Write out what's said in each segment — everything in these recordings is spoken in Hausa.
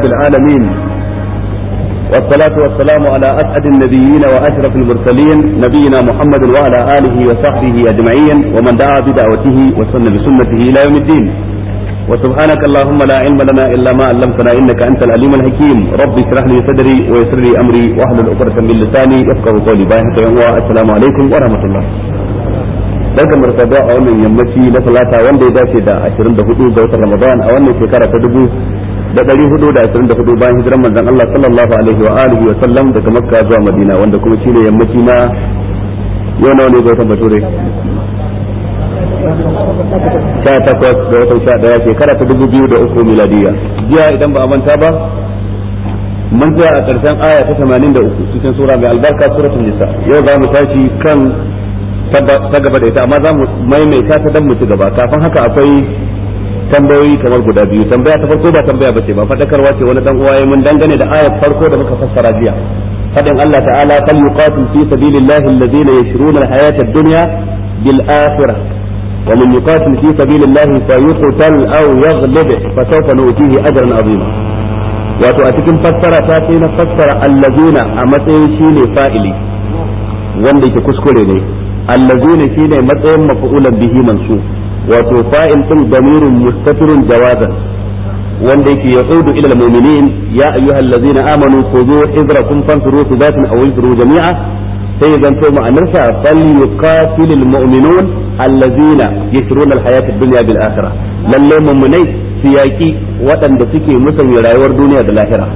رب العالمين والصلاة والسلام على أسعد النبيين وأشرف المرسلين نبينا محمد وعلى آله وصحبه أجمعين ومن دعا بدعوته وسن بسنته إلى يوم الدين وسبحانك اللهم لا علم لنا إلا ما علمتنا إنك أنت العليم الحكيم رب اشرح لي صدري ويسر لي أمري واحلل عقدة من لساني يفقهوا قولي باهي السلام عليكم ورحمة الله barkan mu a wannan yammaci na talata wanda ya dace da 24 ga watan Ramadan a wannan shekara ta da ɗari hudu da ashirin da hudu bayan hijiran manzon Allah sallallahu alaihi wa alihi wa sallam daga Makka zuwa Madina wanda kuma shi ne yammaci na yau nawa ne ga watan Bature sha takwas da watan sha ɗaya shekara ta dubu biyu da uku miladiya jiya idan ba a manta ba mun zuwa a ƙarshen aya ta tamanin da uku cikin sura mai albarka suratun nisa yau za mu tashi kan ta gaba da ita amma za mu maimaita ta dan mu ci gaba kafin haka akwai tambayoyi kamar guda biyu tambaya ta farko ba tambaya bace ba fadakarwa ce wani dan uwa ya mun dangane da ayat farko da muka fassara jiya fadin Allah ta'ala qal yuqatil fi sabilillahi alladhina yashruna alhayata ad-dunya bil akhirah wa man yuqatil fi sabilillahi fayuqtal aw yaghlib fa sawfa nu'tihi ajran 'azima wato a cikin fassara ta sai na fassara allazina a matsayin shine fa'ili wanda yake kuskure ne allazina shine matsayin maf'ulan bihi mansub wato fa'il din damirun mustatirun jawazan wanda yake yaudu ila almu'minin ya ayyuhal ladzina amanu khudhu hidrakum fansuru subatin aw insuru jami'a sai zan to ma'anarsa fal yuqatilul mu'minun allazina yashruna alhayatad dunya bil akhirah lalle mu'minai su yaki waɗanda suke musanya rayuwar duniya da lahira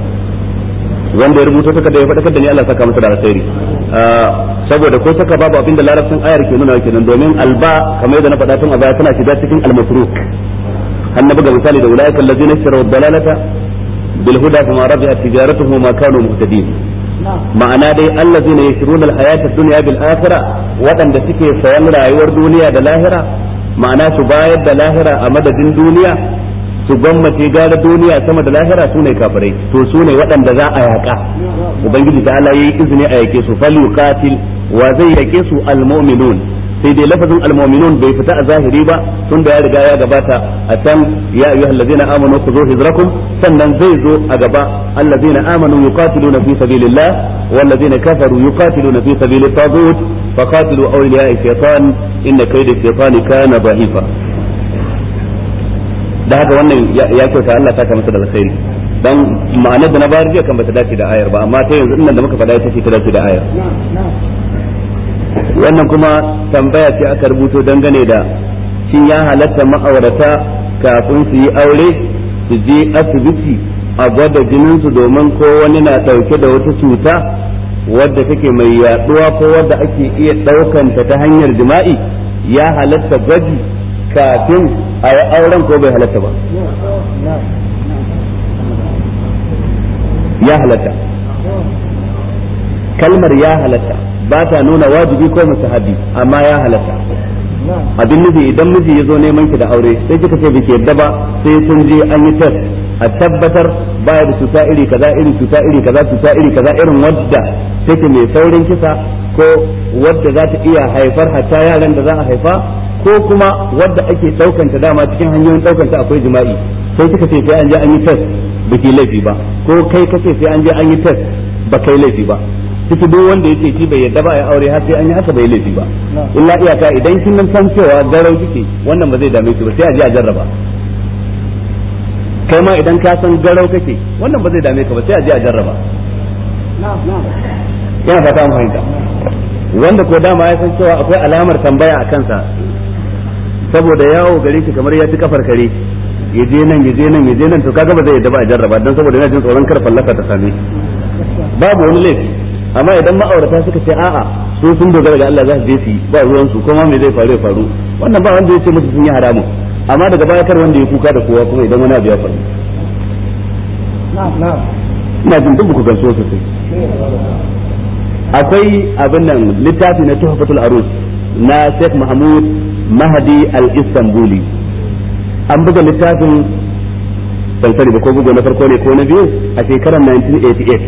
wanda ya rubuta ta da ya faɗa da ni Allah saka masa da saboda ko saka babu abinda larabcin ayar ke nuna kenan domin alba kamar yadda na faɗa tun a baya tana shiga cikin almasruk hanna buga misali da ulaika allazina ishtaraw dalalata bil huda fama rabi'at tijaratuhum ma kanu muhtadin ma'ana dai allazina yashruna al hayata dunya bil akhirah waɗanda suke sayan rayuwar duniya da lahira ma'ana su bayar da lahira a madadin duniya su gwammace gara duniya sama da lahira sune kafirai to sune wadanda waɗanda za a yaka ubangiji ta ala yayi izini a yake su falyuqatil wa zai yake su almu'minun sai dai lafazin almu'minun bai fita a zahiri ba tun da ya riga ya gabata a can ya ayyuha allazina amanu khudhu hizrakum sannan zai zo a gaba allazina amanu yuqatiluna fi sabilillah wallazina kafaru yuqatiluna fi sabilit taghut faqatilu awliya'a shaytan inna kayda shaytani kana dhahifa da haka wannan ya kyauta Allah saka masa da alkhairi dan ma'anar da na bayar jiya kan bata dace da ayar ba amma ta yanzu nan da muka faɗa ita ce ta dace da ayar wannan kuma tambaya ce aka rubuto dangane da shin ya halatta ma'aurata kafin su yi aure su je asibiti a gwada jinin su domin ko wani na ɗauke da wata cuta wadda take mai yaduwa ko wadda ake iya ɗaukanta ta hanyar jima'i ya halatta gwaji kafin a yi auren ko bai halatta ba ya halatta kalmar ya halatta ba ta nuna wajibi ko musahabi amma ya halatta abin nufi idan miji ya zo neman ki da aure sai kika ce biki yadda ba sai sun je an yi test a tabbatar baya da cuta iri kaza iri cuta iri kaza cuta iri kaza irin wadda take mai saurin kisa ko wadda za ta iya haifar hatta yaran da za a haifa ko kuma wadda ake daukanta dama cikin hanyoyin daukanta akwai jima'i sai kika ce sai an je an yi test baki laifi ba ko kai kake sai an je an yi test ba kai laifi ba ciki duk wanda yake ci bai yadda ba ya aure har sai an yi haka bai laifi ba illa iyaka idan kin nan san cewa garau kike wannan ba zai dame ki ba sai a je a jarraba kai ma idan ka san garau kake wannan ba zai dame ka ba sai a je a jarraba yana fata mu fahimta wanda ko dama ya san cewa akwai alamar tambaya a kansa saboda yawo gare shi kamar ya ci kafar kare ya je nan ya je nan ya je nan to kaga ba zai yadda ba a jarraba dan saboda yana jin tsoron kar fallaka ta same shi babu wani laifi amma idan ma'aurata suka ce a'a su sun dogara ga Allah za su je su ba ruwan su kuma me zai faru ya faru wannan ba wanda ya ce musu sun yi haramu amma daga baya kar wanda ya kuka da kowa kuma idan wani abu ya faru ina jin duk ku gamsu sosai akwai abin nan littafi na tuhfatul arus na Sheikh Mahmud Mahdi al-Istanbuli an buga littafin ban ba ko bugu na farko ne ko na biyu a shekarar 1988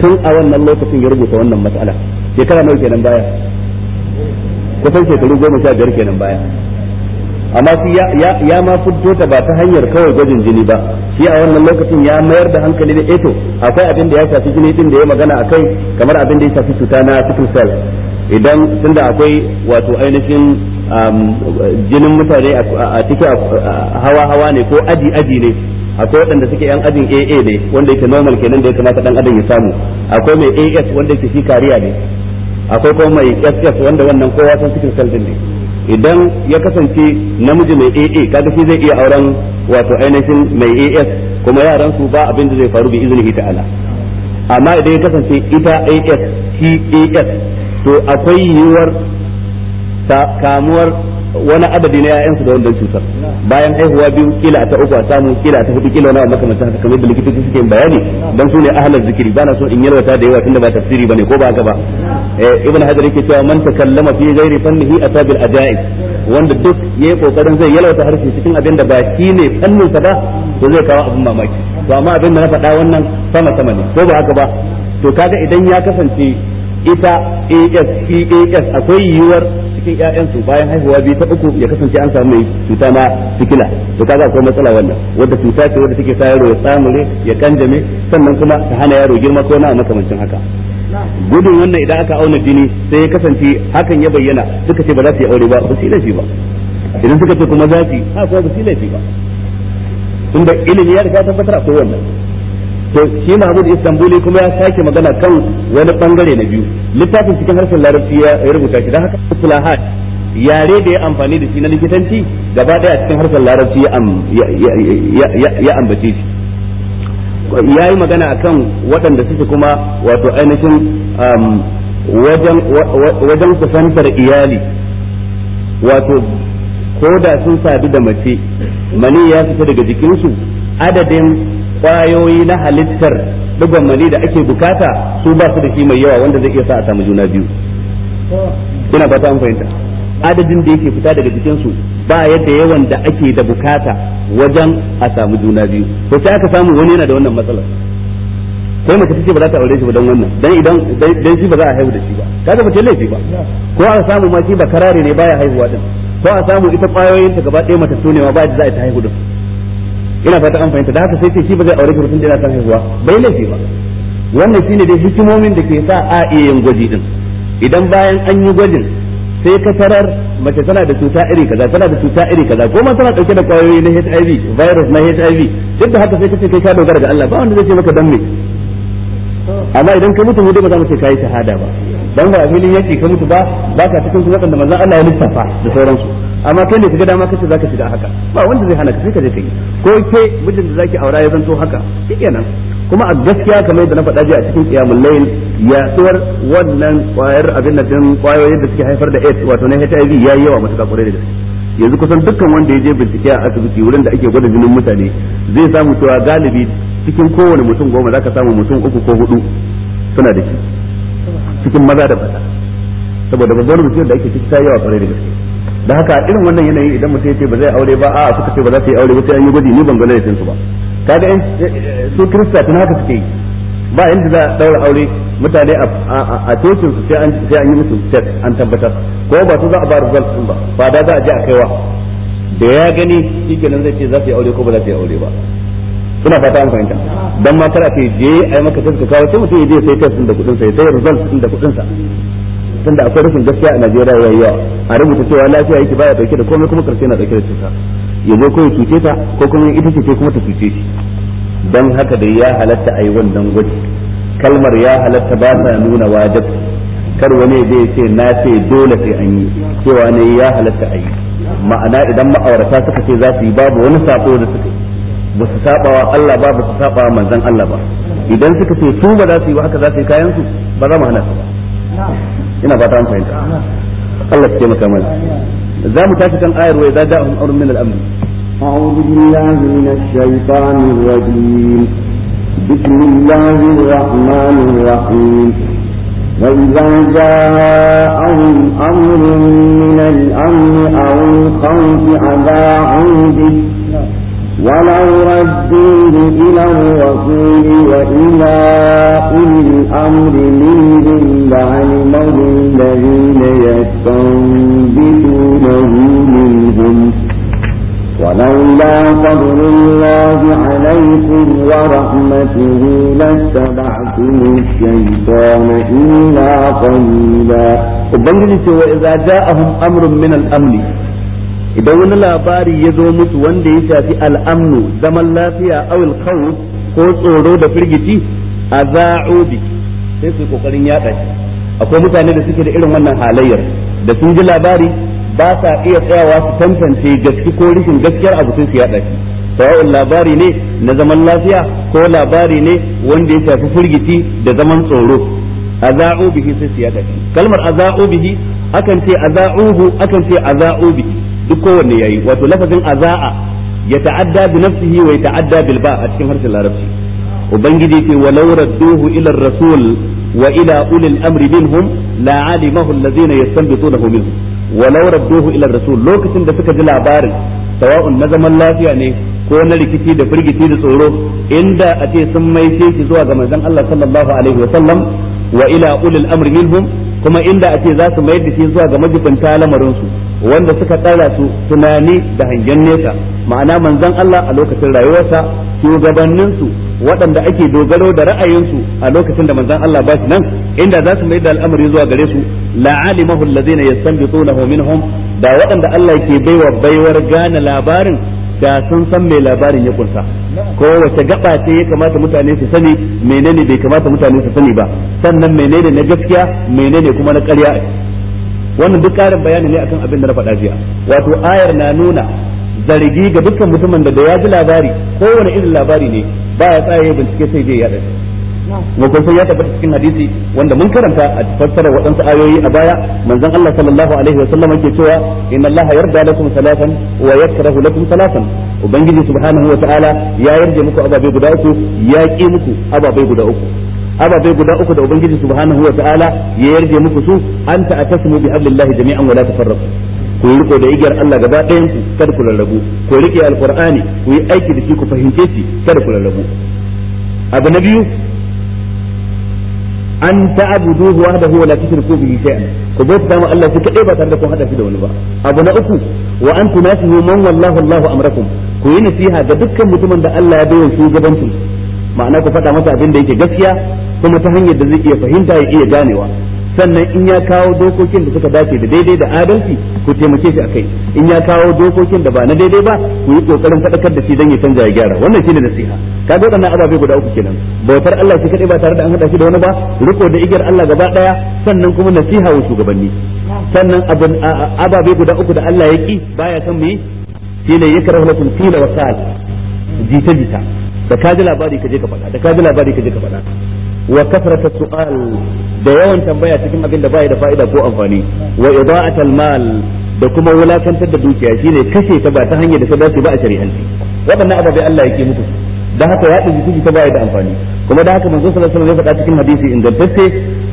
tun a wannan lokacin ya rubuta wannan matsala shekara nawa kenan baya kusan shekaru goma sha biyar kenan baya amma shi ya ma fito ta ba ta hanyar kawai gwajin jini ba shi a wannan lokacin ya mayar da hankali da eto eh akwai abin da ya shafi jini din da ya magana akai kamar abin da ya shafi cuta na sickle cell idan tunda akwai wato ainihin Um, jinin mutane a cikin hawa hawa ne ko aji aji ne akwai waɗanda suke yan ajin AA ne wanda yake normal kenan da ya kamata dan adam ya samu akwai mai AS wanda yake shi kariya ne akwai kuma mai SS wanda wannan kowa san cikin saldin ne idan ya kasance namiji mai AA kaga shi zai iya auren wato ainihin mai AS kuma yaran su ba abin da zai faru bi ita ta'ala amma idan ya kasance ita AS as to akwai yiwuwar kamuwar wani adadi na ƴaƴansu da wannan cutar bayan haihuwa biyu kila ta uku a samu kila ta hudu kila wani abu makamantan haka kamar da likitoci suke bayani dan su ne ahlan zikiri bana so in yalwata da yawa tunda ba tafsiri bane ko ba haka ba eh, ibn hajar yake cewa man takallama fi ghairi fannihi asabil ajaib wanda duk yayi kokarin zai yalwata harshe cikin abin da ba shi ne fannin sa ba to zai kawo abin mamaki to amma abin da na faɗa wannan sama sama ne ko ba haka ba to kaga idan ya kasance ita AS EAS akwai yiwuwar cikin ƴaƴan su bayan haihuwa biyu ta uku ya kasance an samu mai cuta na sikila to kaga akwai matsala wannan wanda cuta ce wanda take sa yaro ya ne ya kanjame sannan kuma ta hana yaro girma ko na makamancin haka gudun wannan idan aka auna jini sai ya kasance hakan ya bayyana suka ce ba za su yi aure ba ba su laifi ba idan suka ce kuma za su yi ha ba su laifi ba tunda ilimi ya riga tabbatar akwai wannan to shi Mahmud Istanbuli kuma ya sake magana kan wani bangare na biyu littafin cikin harshen larabci ya rubuta shi dan haka islahat yare da ya amfani da shi na likitanci gaba daya cikin harshen larabci ya ambace shi ya yi magana akan waɗanda suke kuma wato ainihin wajen kusantar iyali wato ko da sun sadu da mace mani ya fita daga jikinsu adadin kwayoyi na halittar digon mani da ake bukata su ba su da shi mai yawa wanda zai iya sa a samu juna biyu ina ba ta an fahimta adadin da yake fita daga su ba yadda yawan da ake da bukata wajen a samu juna biyu to sai aka samu wani yana da wannan matsalar sai mace ce ba za ta aure shi ba don wannan dan idan dan shi ba za a haihu da shi ba kaga ba ta laifi ba ko a samu ma shi ba karare ne baya haihuwa din ko a samu ita kwayoyin ta gaba ɗaya mata ne ba za a ta haihu da su ina fata an fahimta da haka sai ce shi ba zai aure kirkin da yana son haihuwa bai laifi ba wannan shine dai hikimomin da ke sa a iya gwaji din idan bayan an yi gwajin sai ka tarar mace tana da cuta iri kaza tana da cuta iri kaza ko ma tana dauke da kwayoyi na HIV virus na HIV duk da haka sai ce kai ka dogara ga Allah ba wanda zai ce maka dan me amma idan ka mutu mu dai ba za mu ce kai shahada ba dan ba filin yake ka mutu ba ba ka cikin su wadanda manzon Allah ya lissafa da sauransu amma kai ne ga dama kace zaka shiga haka ba wanda zai hana ka sai ka je kai ko ke mijin da zaki aura ya zanto haka shikenan kuma a gaskiya kamar yadda na faɗa ji a cikin qiyamul layl yaduwar wannan kwayar abin da din kwayoyin da suke haifar da AIDS wato na HIV ya yi yawa matuƙa kore da yanzu kusan dukkan wanda ya je bincike a asibiti wurin da ake gwada jinin mutane zai samu cewa galibi cikin kowane mutum goma zaka samu mutum uku ko hudu suna da shi cikin maza da mata saboda babbar mutum da ake ciki ta yawa kwarai da gaske da haka irin wannan yanayi idan mutum ya ce ba zai aure ba a suka ce ba za su yi aure ba sai an yi gwaji ni ban ga laifin su ba kaga in eh, eh, su kirista tun haka suke yi ba inda za a daura aure mutane a tocin su sai an yi musu check an tabbatar ko ba su za a ba result din ba ba da za a je a kaiwa da ya gani kenan zai ce za su yi aure ko ba za su yi aure ba suna fata an fahimta dan ma kar a je ai maka sai ka kawo sai mutum ya je sai test din da kudin sa ya sai result din da kudin sa da akwai rashin gaskiya a Najeriya yayi yawa a rubuta cewa lafiya yake baya dauke da komai kuma karshe na dauke da cuta ya zo ko ya cuce ta ko kuma ita ce kuma ta cuce shi dan haka dai ya halatta ayi wannan gwaji kalmar ya halatta ba ta nuna wajibi kar wani zai ce na ce dole sai an yi cewa ne ya halatta ayi ma'ana idan ma'aurata suka ce za su yi babu wani sako da suka yi ba su wa Allah ba ba su wa manzon Allah ba idan suka ce su ba za su yi ba haka za su yi kayan su ba za mu hana su ba ina ba ta an fahimta Allah ke maka mana za mu tashi kan ayar wai za da'ahum amrun min al-amr أعوذ بالله من الشيطان الرجيم بسم الله الرحمن الرحيم وإذا جاءهم أمر من الأمن أو الخوف أذاعوا به ولو ردوه إلى الرسول وإلى أولي الأمر منهم لعلمه الذين يستنبتونه منهم ولولا فضل الله عليكم ورحمته لاتبعتم الشيطان إلا قليلا وبنجلس إذا جاءهم أمر من الأمن idan wani labari ya zo mutu wanda ya shafi al'amnu zaman lafiya awil kawu ko tsoro da firgici aza'u bi sai su kokarin ya shi akwai mutane da suke da irin wannan halayyar da sun ji labari ba sa iya tsayawa su tantance gaske ko rishin gaskiyar abu sai su ɗaci, shi sawa'un labari ne na zaman lafiya ko labari ne wanda ya shafi firgici da zaman tsoro aza'u bihi sai su yada kalmar aza'u bihi akan ce aza'uhu akan ce aza'u bihi duk kowanne yayi wato lafazin aza'a ya ta'adda bi nafsihi wa ta'adda bil ba a cikin harshen larabci ubangiji ce walau radduhu ila rasul wa ila ulil amri minhum la alimahu allazina yastanbitunahu minhum walau radduhu ila rasul lokacin da suka ji labarin sawa'un na zaman lafiya ne ko na rikici da firgici da tsoro inda a ce sun maishe shi zuwa ga manzon Allah sallallahu alaihi wa sallam wa ila ulil amri minhum kuma inda a ce za su mayar da shi zuwa ga majibanta lamarin su wanda suka tsara su tunani da hangen nesa ma'ana manzon Allah a lokacin rayuwarsa shugabannin su waɗanda ake dogaro da ra'ayinsu a lokacin da manzon Allah ba shi nan inda za su mayar da al'amari zuwa gare su la'alimahu allazina yastanbitunahu minhum da waɗanda Allah ke baiwa baiwar gane labarin da sun san mai labarin ya kunsa ko wace gaba ce ya kamata mutane su sani menene bai kamata mutane su sani ba sannan menene na gaskiya menene kuma na ƙarya wannan duk ƙarin bayani ne akan abin da na faɗa jiya wato ayar na nuna zargi ga dukkan mutumin da ya ji labari kowane irin labari ne ba ya tsaya ya bincike sai je ya mu kun sai ya tabbata cikin hadisi wanda mun karanta a fassara waɗansu ayoyi a baya manzon Allah sallallahu alaihi wa sallam yake cewa inna Allah yarda lakum salatan wa yakrahu lakum salatan ubangiji subhanahu wa ta'ala ya yarda muku ababe guda uku ya ki muku ababe guda uku ababai guda uku da ubangiji subhanahu wa ta'ala ya yarda muku su anta atasmu bi hablillahi jami'an wa la tafarraqu ku yi riko da igiyar Allah gaba ɗayan ku kada ku rarrabu ku rike alqur'ani ku yi aiki da shi ku fahimce shi kada ku rarrabu abu na biyu an ta'buduhu wahdahu wa la tushriku bihi shay'an ku bauta ma Allah shi kadai ba tare da kun hada shi da wani ba abu na uku wa an tunasihu man wallahu Allahu amrakum ku yi nasiha ga dukkan mutumin da Allah ya bayyana shugabancin ma'ana ku faɗa masa abin da yake gaskiya kuma ta hanyar da zai iya fahimta ya iya ganewa sannan in ya kawo dokokin da suka dace da daidai da adalci ku taimake shi akai in ya kawo dokokin da ba na daidai ba ku yi kokarin fadakar da shi dan ya canja ya gyara wannan shine nasiha ga wannan ababe guda uku kenan bautar Allah shi kadai ba tare da an hada shi da wani ba riko da igiyar Allah gaba daya sannan kuma nasiha wa shugabanni sannan abin ababe guda uku da Allah ya ki baya san me shine yakrahu lakum qila wa sal jita jita da ji labari kaje ka faɗa da ji labari kaje ka faɗa wa kasrata su'al da yawan tambaya cikin abin da bai da fa'ida ko amfani wa ida'atal mal da kuma wulakantar da dukiya shine kashe ta ba ta hanyar da ta dace ba a shari'anci waɗannan ababai Allah yake muku da haka ya ɗin jiki ta baya da amfani kuma da haka manzo sallallahu alaihi wasallam ya faɗa cikin hadisi ingantacce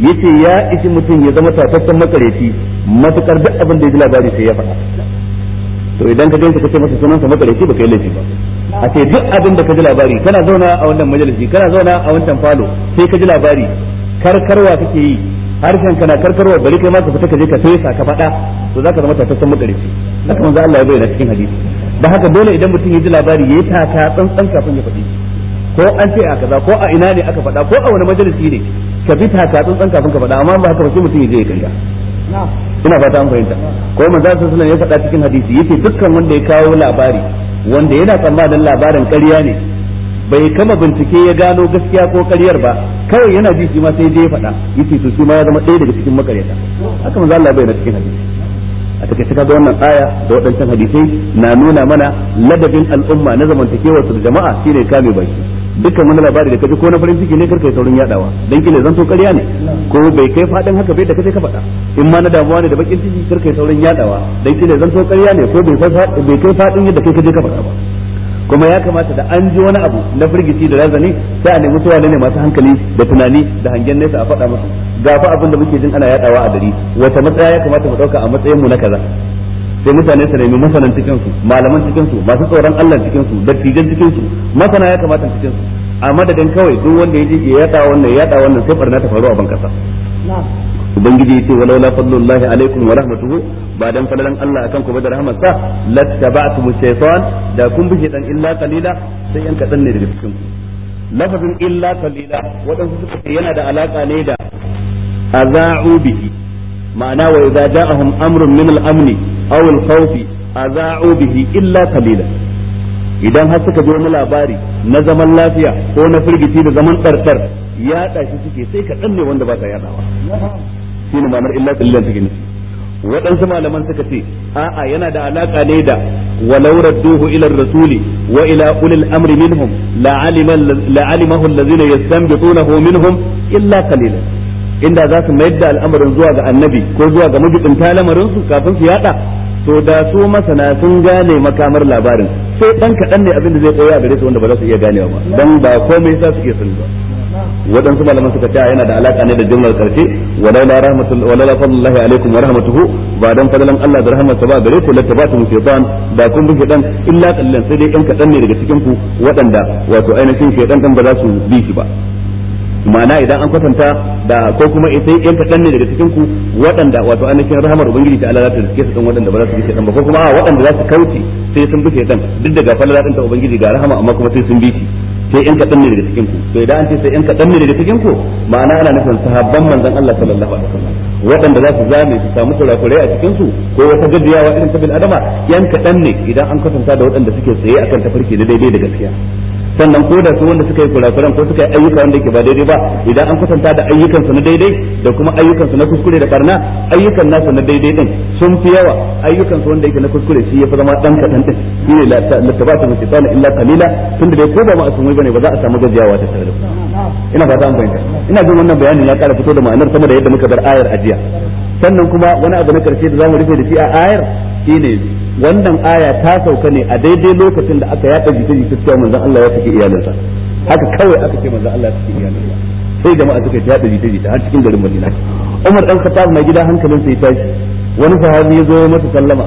yace ya ishi mutum ya zama tataccen makareci matukar duk abin da ya ji labari sai ya faɗa to idan ka ganka kace masa sunan sa makareci baka yi laifi ba a ce duk abin da ka ji labari kana zauna a wannan majalisi kana zauna a wancan falo sai ka ji labari karkarwa kake yi harshen kana karkarwa bari kai ma ka fita ka je ka fesa ka fada to zaka zama tattasan makareci haka manzo Allah ya bayyana cikin hadisi da haka dole idan mutum ya ji labari yayi taka tsantsan kafin ya faɗi ko an ce a kaza ko a ina ne aka fada ko a wani majalisi ne ka bi taka tsantsan kafin ka faɗa amma ba haka ba sai mutum ya je ya karya. ina fata an fahimta ko manzo zasu alaihi ya faɗa cikin hadisi yace dukkan wanda ya kawo labari wanda yana tsammanin labarin ƙarya ne bai kama bincike ya gano gaskiya ko ƙaryar ba kawai yana ji shi ma sai je ya faɗa yace to shi ma ya zama ɗaya daga cikin makaryata haka manzo Allah bayyana cikin hadisi a take ta ga wannan aya da waɗancan hadisai na nuna mana ladabin al'umma na zamantakewar su da jama'a shine kame baki dukkan wani labari da kaji ko na farin ciki ne karka yi saurin yadawa dan kila zanto ƙarya ne ko bai kai fadin haka bai da kaje ka faɗa in ma na damuwa ne da bakin ciki karka yi saurin yadawa dan kila zanto ƙarya ne ko bai kai fadin yadda kai kaje ka faɗa ba kuma ya kamata da an ji wani abu na firgici da razani sai a nemi tuwa ne masu hankali da tunani da hangen nesa a faɗa musu ga fa abin da muke jin ana yadawa a dari wata matsaya ya kamata mu ɗauka a matsayin mu na kaza sai mutane su nemi masanan cikin su malaman cikin su masu tsoron Allah cikin su dattijan cikin su masana ya kamata cikin su a madadin kawai duk wanda ya ya yada wannan ya yada wannan sai barna ta faru a ban kasa ubangiji yace walau la fadlullahi alaikum wa rahmatuhu ba dan fadalan Allah akan ku ba da sa lattaba'tu mushaytan da kun bi dan illa qalila sai yan kadan ne daga cikin ku lafazin illa qalila wadansu suka ce yana da alaka ne da aza'u bihi ma'ana wa idza ja'ahum amrun min al-amni aw al-khawf bihi illa qalila idan har suka zo wani labari na zaman lafiya ko na firgici da zaman tsartsar yaɗa shi suke sai kaɗan ne wanda ba ta yaɗawa shi ne ma'anar illa ƙalilan take waɗansu malaman suka ce a'a yana da alaƙa ne da walau radduhu ila rasuli wa ila ulil amri minhum la alimahu allazina yastanbitunahu minhum illa qalilan inda za su mayar da al'amarin zuwa ga annabi ko zuwa ga majibinta lamarin su kafin su yada to da su masana sun gane makamar labarin sai dan kaɗan ne abin da zai koya gare su wanda ba za su iya ganewa ba dan ba komai sa su iya sani ba waɗansu malaman suka ce yana da alaka ne da jumlar karshe walaula rahmatul walaula fadlullahi alaikum wa rahmatuhu ba dan fadlan Allah da rahmatsa ba gare ku latabatum shaytan da kun bi dan illa kallan sai dai ɗan kaɗan ne daga cikin ku waɗanda wato ainihin shaytan dan ba za su bi shi ba ma'ana idan an kwatanta da ko kuma sai yan kaɗan ne daga cikin ku waɗanda wato ainihin rahamar ubangiji ta Allah za ta riske su dan waɗanda ba za su ba ko kuma a waɗanda za su kauce sai sun bi duk daga falala ɗin ta ubangiji ga rahama amma kuma sai sun bi shi sai yan kaɗan ne daga cikin ku to idan an ce sai yan kaɗan ne daga cikin ku ma'ana ana nufin sahabban manzon Allah sallallahu alaihi wasallam waɗanda za su zame su samu a cikin su ko wata gajiyawa irin ta bil adama yan kaɗan ne idan an kwatanta da waɗanda suke tsaye akan tafarki na daidai da gaskiya sannan ko da su wanda suka yi kurakuran ko suka yi ayyuka wanda ke ba daidai ba idan an kusanta da ayyukan su na daidai da kuma ayyukan su na kuskure da barna ayyukan nasu na daidai din sun fi yawa ayyukan su wanda yake na kuskure shi yafi zama dan kadan din shine la tabata min shaytan illa qalila tunda dai ko ba ma asumi bane ba za a samu gajiyawa ta tare ina ba zan bayyana ina jin wannan bayanin ya kara fito da ma'anar sama da yadda muka bar ayar ajiya sannan kuma wani abu na karshe da zamu rufe da shi a ayar shine wannan aya ta sauka ne a daidai lokacin da aka yaɗa jita jita cewa manzon Allah ya tafi iyalinsa haka kawai aka ce manzon Allah ya tafi iyalinsa sai jama'a suka yaɗa jita jita har cikin garin Madina Umar dan Khattab na gida hankalin sai tashi wani sahabi ya zo masa sallama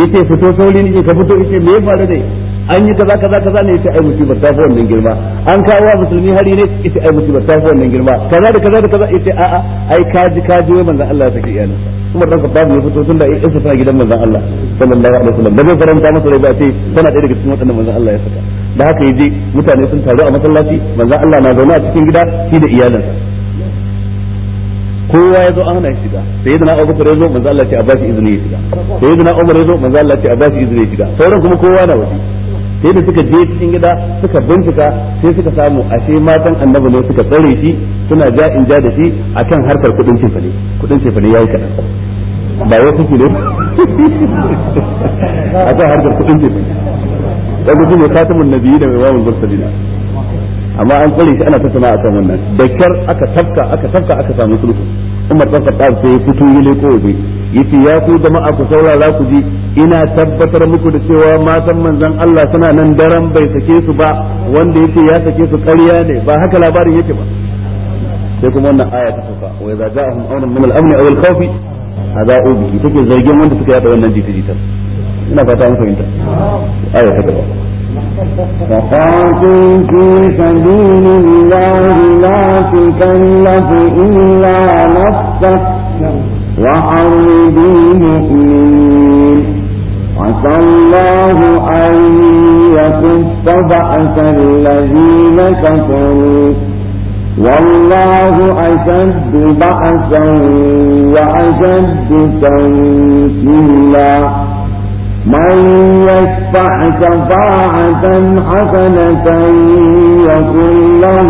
yace fito sauri ne ka fito yace me ya faru dai an yi kaza kaza kaza ne yace ai musibar ta fi wannan girma an kawo wa musulmi hari ne yace ai musibar ta fi wannan girma kaza da kaza da kaza yace a'a ai kaji kaji wai manzon Allah ya saki iyalin kuma dan sabab ne fito tunda ai isa ta gidan manzon Allah sallallahu alaihi wasallam da bai faranta masa rai ba sai tana ɗaya daga cikin wadannan manzon Allah ya saka da haka yaje mutane sun taru a masallaci manzon Allah na zaune a cikin gida shi da iyalinsa kowa ya zo an hana shiga sai yadda na abubakar ya zo manzo Allah ce a bashi izini ya shiga sai yadda na umar ya zo manzo Allah ce a bashi izini ya shiga sauran kuma kowa na waje sai da suka je cikin gida suka bincika sai suka samu ashe matan annabi ne suka tsare shi suna ja in ja da shi kan harkar kudin cefane kudin cefane yi kaɗan. ba wai suke ne a kan harkar kudin cefane kaga shine khatamun nabi da wawul mursalina amma an tsare shi ana ta sana'a kan wannan da kyar aka tafka aka tafka aka samu sulhu umar dan khattab sai ya fito ya leko waje yace ya ku jama'a ku saurara ku ji ina tabbatar muku da cewa matan manzon Allah suna nan daren bai sake su ba wanda yace ya sake su ƙarya ne ba haka labarin yake ba sai kuma wannan aya ta sauka wa idza ja'ahum awna min al-amn aw al-khawf adau bihi take zargin wanda suka yada wannan jita-jitar ina fata an fahimta aya ta gaba فقاتل في سبيل الله لا تكلف إلا نفسك وحرضوا المؤمنين عسى الله أن يكف بأس الذين كفروا والله أشد بأسا وأشد تنكيلا من يشفع شفاعة حسنة يكن له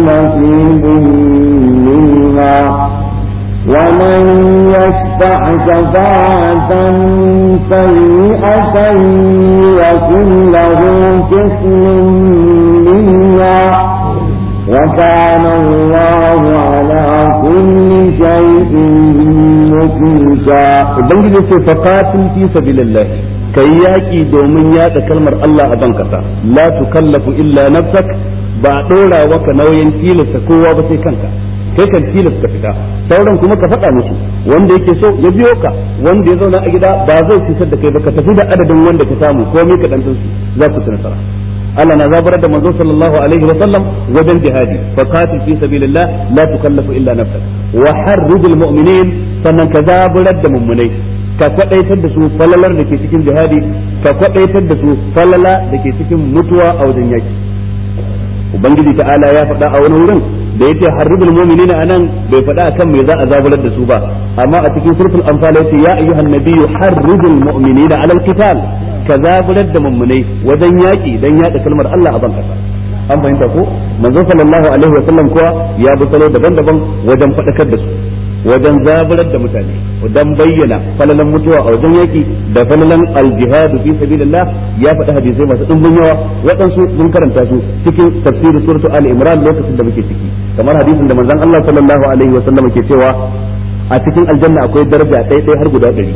نصيب منها ومن يشفع شفاعة سيئة يكن له قسم منها وكان الله على كل شيء مكيسا ubangiji ce faqatil fi kai yaki domin yaɗa kalmar Allah a ban kasa la tukallafu illa nafsak ba dora waka nauyin tilasta kowa ba sai kanka kai kan tilas ka fita sauran kuma ka faɗa musu wanda yake so ya biyo ka wanda ya zauna a gida ba zai cutar da kai ba ka tafi da adadin wanda ka samu komai ka dan su za ku ci nasara Allah na zabar da manzo sallallahu alaihi wa sallam wajen jihadi fa qatil fi sabilillah la tukallafu illa nafsak wa harrijul mu'minin sannan ka zaburar da mummunai ka kwadaitar da su falalar da ke cikin jihadi ka kwadaitar da su falala da ke cikin mutuwa a wajen yaki ubangiji ta'ala ya faɗa a wani wurin da yace harribul mu'minina anan bai faɗa akan me za a zaburar da su ba amma a cikin surfin anfal yace ya ayyuhan nabiyyu harribul mu'minina alal qital ka zaburar da mummunai wajen yaki dan yada kalmar Allah a ban kasa an fahimta ko manzo sallallahu alaihi wa sallam kuwa ya bi salo daban-daban wajen faɗakar da su wajen zaburar da mutane dan bayyana falalan mutuwa a wajen yaki da falalan aljihadu fi sabilillah ya faɗi hadisai masu ɗumbin yawa waɗansu mun karanta su cikin tafsirin suratu al-imran lokacin da muke ciki kamar hadisin da manzon Allah sallallahu alaihi wa sallam ke cewa a cikin aljanna akwai daraja ɗaya ɗaya har guda ɗari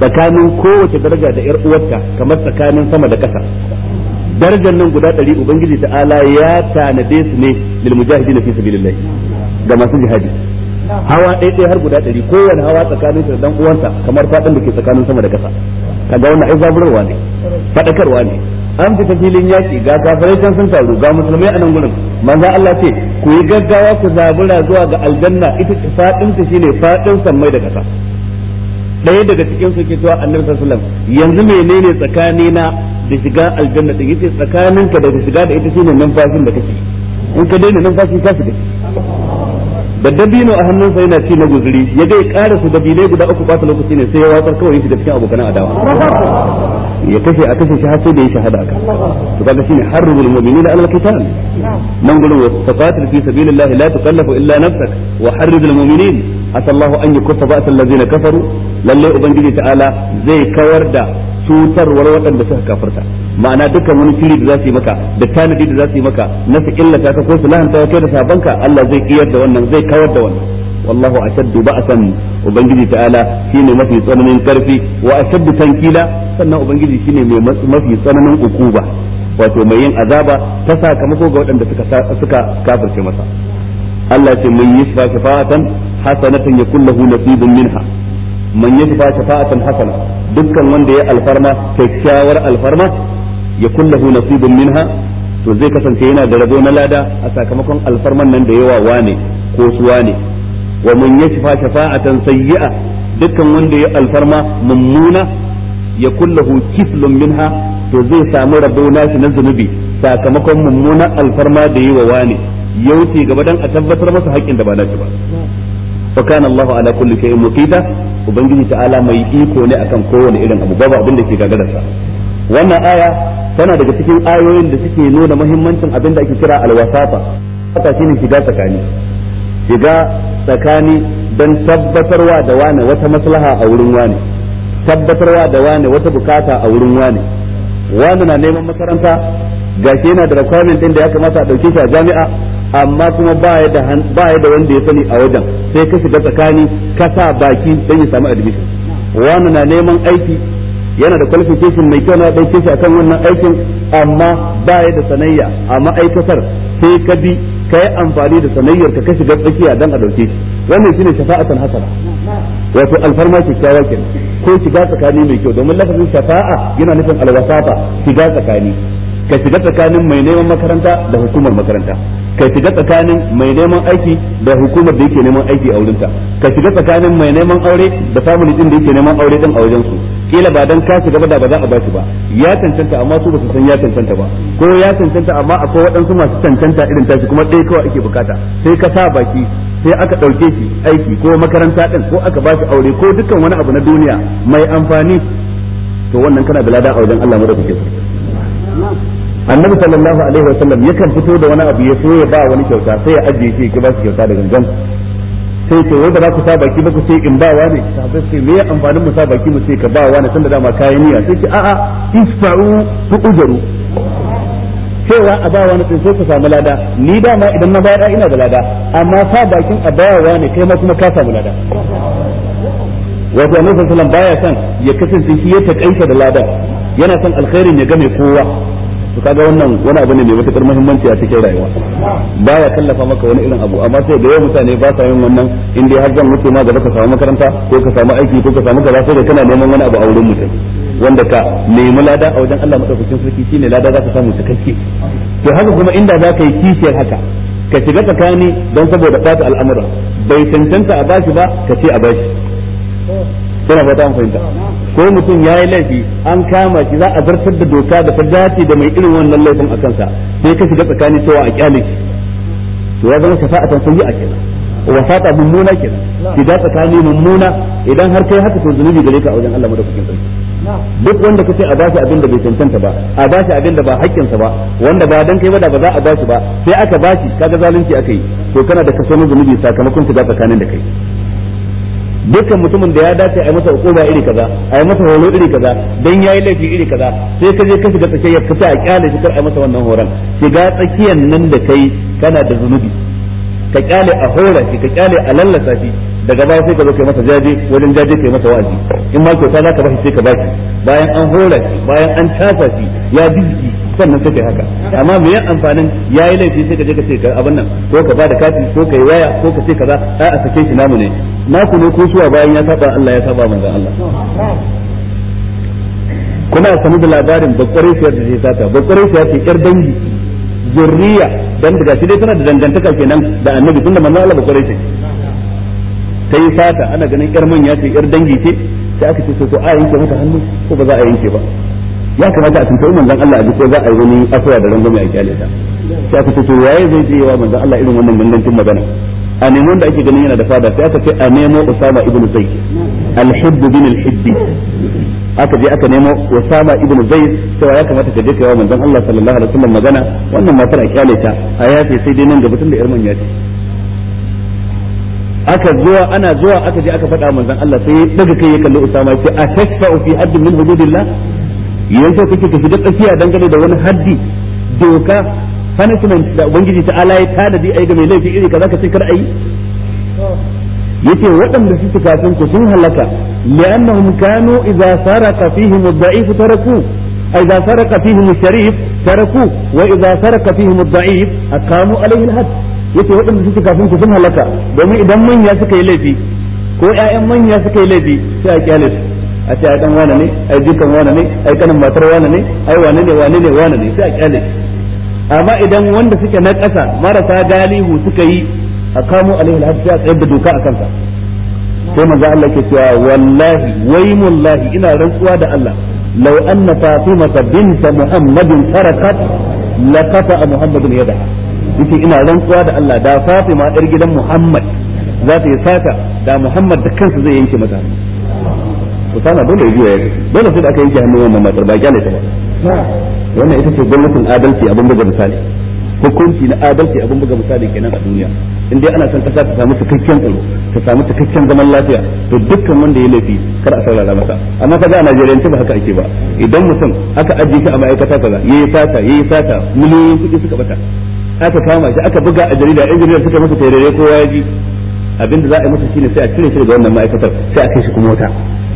tsakanin kowace daraja da ƴar uwarta kamar tsakanin sama da ƙasa darajar nan guda ɗari ubangiji ta'ala ya tanade su ne lil mujahidin fi sabilillah ga masu jihadi hawa ɗaya har guda ɗari kowane hawa tsakanin da dan uwansa kamar fadin da ke tsakanin sama da ƙasa kaga wannan ai zaburarwa ne fadakarwa ne an fita filin yaƙi ga kafirai can sun taru ga musulmai a nan gurin manzo Allah ce ku yi gaggawa ku zabura zuwa ga aljanna ita fadin ta shine fadin sammai da kasa ɗaya daga cikin su ke cewa annabi sallallahu alaihi yanzu menene tsakani na da shiga aljanna da yace tsakaninka da shiga da ita shine numfashin da kake in ka daina numfashi ka shiga da dabino a hannunsa yana ci na guzuri ya gai kara ƙara su dabinai guda uku ba lokaci ne sai ya watsar kawai shi da cikin abokan adawa ya kashe a kashe shi har sai da ya shahada aka to kaga shine harrul mu'minina alal qital nan gurin wa tafatir fi sabilillahi la tukallafu illa nafsak wa harrul mu'minin asallahu an yakuffa ba'sa kafaru lalle ubangiji ta'ala zai kawar da cutarwar waɗanda suka kafarta ma'ana dukkan wani fili da za su yi maka da tanadi da za su yi maka na su illata ka ko su lahanta kai da sabanka Allah zai iyar da wannan zai kawar da wannan wallahu ashaddu ba'san ubangiji ta'ala shine mafi tsananin karfi wa ashaddu tankila sannan ubangiji shine mai mafi tsananin ukuba wato mai yin azaba ta sakamako ga waɗanda suka suka kafirce masa Allah ce mai yisra shafa'atan hasanatan yakun lahu nasibun minha man yashfa shafa'atan hasana dukkan wanda ya alfarma kyakkyawar alfarma ya kullahu nasibun minha to zai kasance yana da rabo na lada a sakamakon alfarman nan da yawa wane ko su wane wa man yashfa shafa'atan sayyi'a dukkan wanda ya alfarma mummuna ya kullahu kiflun minha to zai samu rabo nashi na zunubi sakamakon mummuna alfarma da yawa wane yauce gaba dan a tabbatar masa haƙƙin da ba nashi ba fa kana Allah ala kulli shay'in muqita ubangiji ta'ala mai iko ne akan kowane irin abu babu abin da ke gagararsa wannan aya tana daga cikin ayoyin da suke nuna muhimmancin abin da ake kira alwasafa haka shine shiga tsakani shiga tsakani don tabbatarwa da wane wata maslaha a wurin wane tabbatarwa da wane wata bukata a wurin wane wani na neman makaranta gashi yana da requirement din da ya kamata a dauke shi a jami'a amma kuma ba ya da wanda ya sani a wajen sai ka shiga tsakani ka sa baki don ya samu admission wani na neman aiki yana da qualification mai kyau na ɗauke shi akan wannan aikin amma ba ya da sanayya a ma'aikatar sai ka bi ka yi amfani da sanayyar ka ka shiga tsakiya don a ɗauke shi wannan shine shafa'atan hasana wato alfarma kyakkyawa kenan ko shiga tsakani mai kyau domin lafazin shafa'a yana nufin alwasafa shiga tsakani ka shiga tsakanin mai neman makaranta da hukumar makaranta ka shiga tsakanin mai neman aiki da hukumar da yake neman aiki a wurinta ka shiga tsakanin mai neman aure da family din da yake neman aure din a wajen su kila ba dan ka shiga ba da ba za a ba shi ba ya cancanta amma su ba su san ya cancanta ba ko ya cancanta amma akwai waɗansu masu cancanta irin tashi kuma ɗaya kawai ake bukata sai ka sa baki sai aka ɗauke shi aiki ko makaranta din ko aka ba shi aure ko dukkan wani abu na duniya mai amfani to wannan kana da lada a wajen Allah madaukakin sarki annabi sallallahu alaihi wa sallam yakan fito da wani abu ya so ya ba wani kyauta sai ya ajiye shi ya ba shi kyauta da gangan sai ce wanda za ku sa baki ba ku sai in ba wani sahabbai sai me amfanin mu sa baki mu sai ka ba wani tunda dama kayan niyya sai ce a'a isfa'u ku ujaru cewa a bawa na sai ku samu lada ni dama idan na bayar ina da lada amma sa bakin a bawa ne kai ma kuma ka samu lada wato annabi sallallahu alaihi baya son ya kasance shi ya takaita da ladan yana son alkhairin ya game kowa to kaga wannan wani abu ne mai matukar muhimmanci a cikin rayuwa ba ya kallafa maka wani irin abu amma sai da yawa mutane ba sa yin wannan in dai har zan mutu ma gaba ka samu makaranta ko ka samu aiki ko ka samu kaza sai da kana neman wani abu a wurin mutum wanda ka nemi lada a wajen Allah madaukakin sarki shine lada za ka samu cikakke to haka kuma inda za ka yi kishiyar haka ka shiga tsakani don saboda ɓata al'amura bai cancanta a bashi ba ka ce a bashi yana fata an fahimta ko mutum ya yi laifi an kama shi za a zartar da doka da ta dace da mai irin wannan laifin a kansa sai ka shiga tsakani cewa a kyale shi to ya zama shafa'atan sun yi a kenan fata mummuna kenan shiga tsakani mummuna idan har kai haka to zunubi gare ka a wajen Allah madaukakin sarki duk wanda kace a bashi abin da bai cancanta ba a bashi abin da ba hakkinsa ba wanda ba dan kai ba da ba za a bashi ba sai aka bashi kaga zalunci aka yi to kana da kaso na zunubi sakamakon shiga tsakanin da kai dukkan mutumin da ya dace a yi masa hukuma iri kaza a yi masa horo iri kaza dan yayi laifi iri kaza sai ka je ka shiga tsakiya ka sai a kyale shi kar a yi masa wannan horon shiga tsakiyan nan da kai kana da zunubi ka kyale a hora shi ka kyale a lallasa shi daga baya sai ka zo kai masa jaje wajen jaje kai masa wa'azi in ma kyauta za ka bashi sai ka baki bayan an hora shi bayan an tasa shi ya jijji sannan sai haka amma me yan amfanin yayi laifi sai ka je ka ce abin nan ko ka ba da kati ko ka yi waya ko ka ce kaza a a sake shi namu ne naku ne ko suwa bayan ya saba Allah ya saba manzo Allah kuma sanu da labarin bakwarai siyar da ta sata bakwarai siyar ce yar dangi zurriya dan daga shi dai tana da dangantaka kenan da annabi tunda manzo Allah ba ce ta yi sata ana ganin yar manya ce yar dangi ce sai aka ce to a yanke mata hannu ko ba za a yanke ba ya kamata a tuntuɓi manzon Allah a ko za a yi wani afuwa da rangwame a kyale ta sai aka ce to waye zai je wa manzon Allah irin wannan gangancin magana a nemi wanda ake ganin yana da fada sai aka ce a nemo Usama ibn zai al-hibb bin al aka je aka nemo Usama ibn Zaid cewa ya kamata ka je kai wa manzon Allah sallallahu alaihi wasallam magana wannan matar a kyale ta a yafe sai dai nan gaba tun da irman ya ce aka zuwa ana zuwa aka je aka faɗa manzon Allah sai daga kai ya kalli Usama ya a tashfa'u fi hadd min hududillah yanzu kake tafi da tsakiya dangane da wani haddi doka punishment da ubangiji ta ala ya tanadi ai ga mai laifi iri kaza ka ce kar ai yace waɗanda suke kafin ku sun halaka li'annahum kanu idza saraka fihim ad-da'if taraku idza saraka fihim sharif taraku wa idza saraka fihim ad-da'if aqamu alayhi al-hadd yace waɗanda suke kafin ku sun halaka domin idan manya suka yi laifi ko ƴaƴan manya suka yi laifi sai a kyale su a ce ai dan wane ne ai dukan wane ne ai kanin matar wane ne ai wane ne wane ne wane ne sai a kyale su amma idan wanda suke na ƙasa marasa galihu suka yi a kamo alaihi alhaji a tsayar da doka a kansa sai manzo Allah ke cewa wallahi wai mullahi ina rantsuwa da Allah law anna fatimata binta muhammadin tarakat la qata muhammadun yadaha yace ina rantsuwa da Allah da fatima ɗar gidan muhammad za ta yi sata da muhammad da kansa zai yanke mata kusana dole ya juya dole sai da aka yanke hannun wannan matar ba kyale ta ba wannan ita ce gwamnatin adalci abin buga misali hukunci na adalci abin buga misali kenan a duniya in dai ana son kasa ta samu cikakken tsaro ta samu cikakken zaman lafiya to dukkan wanda ya laifi kar a saurara masa amma kaga a Najeriya ba haka ake ba idan mutum aka ajiye shi a ma'aikata kaza yayi sata yayi sata miliyoyin kuɗi suka bata aka kama shi aka buga a jarida yan jarida suka masa tarere kowa ya ji abinda za a yi masa shine sai a cire shi daga wannan ma'aikatar sai a kai shi kuma wata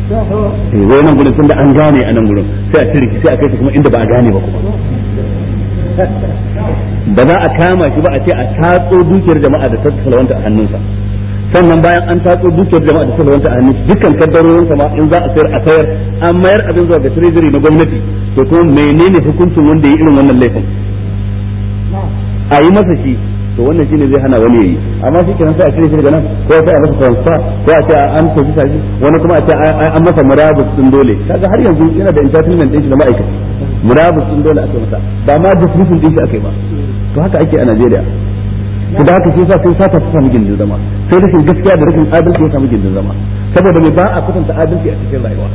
eh wai nan gurin tunda an gane a nan gurin sai a tiri sai a kai shi kuma inda ba a gane ba kuma ba za a kama shi ba a ce a tatso dukiyar jama'a da ta wanta a hannunsa sannan bayan an tatso dukiyar jama'a da ta wanta a hannunsa dukkan kaddarorin sama in za a sayar a sayar an mayar abin zuwa ga treasury na gwamnati to kuma menene hukuncin wanda ya yi irin wannan laifin a yi masa shi to wannan shine zai hana wani yayi amma shi kenan sai a cire shi daga nan ko sai a masa transfer ko a ce an tafi shi wani kuma a ce an masa murabus din dole kaga har yanzu yana da entitlement din shi da ma'aikaci murabus din dole aka masa ba ma dismissal din shi aka yi ba to haka ake a Najeriya to da haka shi sa sai sata ta samu gindin zama sai rashin gaskiya da rashin adalci ya samu gindin zama saboda mai ba a kwatanta adalci a cikin rayuwa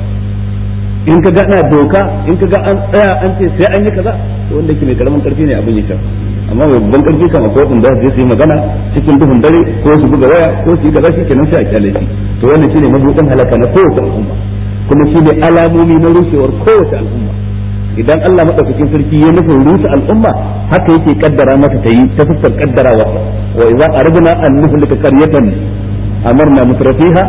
in ka ga ana doka in ka ga an tsaya an ce sai an yi kaza to wanda yake mai karamin karfi ne abin ya shafa amma mai babban karfi kan akwai wanda za su yi magana cikin duhun dare ko su buga waya ko su yi kaza shi kenan sai a kyale shi to wannan shine mabuɗin halaka na kowace al'umma kuma shi ne alamomi na rushewar kowace al'umma idan Allah madaukakin sarki ya nufin rusa al'umma haka yake kaddara mata ta yi ta fuskar kaddarawa wa idza aradna an nuhlika qaryatan amarna mutrafiha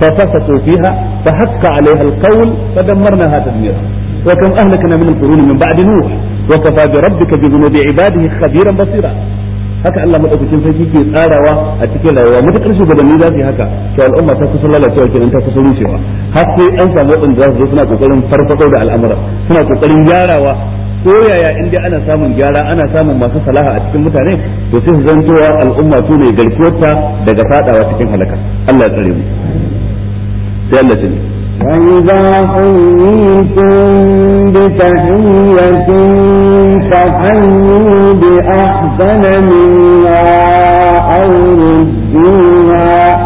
fa fasatu fiha fa hakka 'alayha al-qawl fa dammarnaha tadmira wa kam ahlakna min al-qurun min ba'di nuh wa kafa bi rabbika bi dhunubi ibadihi basira haka Allah madaukakin sarki ke tsarawa a cikin rayuwa mutakar shugabanni za su yi haka to al'umma ta kusa lalacewa kenan ta kusa rushewa har sai an samu waɗanda za su zo suna kokarin farfaɗo da al'amura suna kokarin gyarawa ko yaya in dai ana samun gyara ana samun masu salaha a cikin mutane to sai su zantowa al'umma su ne garkuwarta daga fadawa cikin halaka Allah ya tsare mu sai Allah ya وإذا حييتم بتحية فحيوا بأحسن منا أو ردوها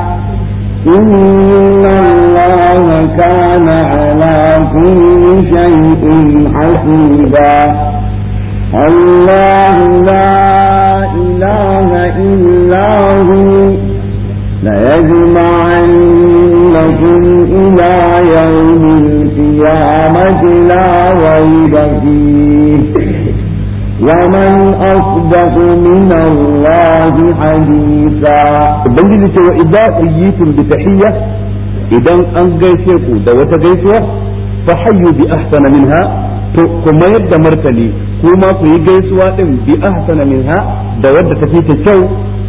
إن الله كان على كل شيء حسيبا الله لا إله إلا هو ليجمعن لكم إلى يوم القيامة لا ريب فيه ومن أصدق من الله حديثا بل إذا أيتم بتحية إذا أنقيتكم دوت قيتوا فحيوا بأحسن منها كما يبدأ مرتلي كما في قيسوا بأحسن منها دوت تفيت الشو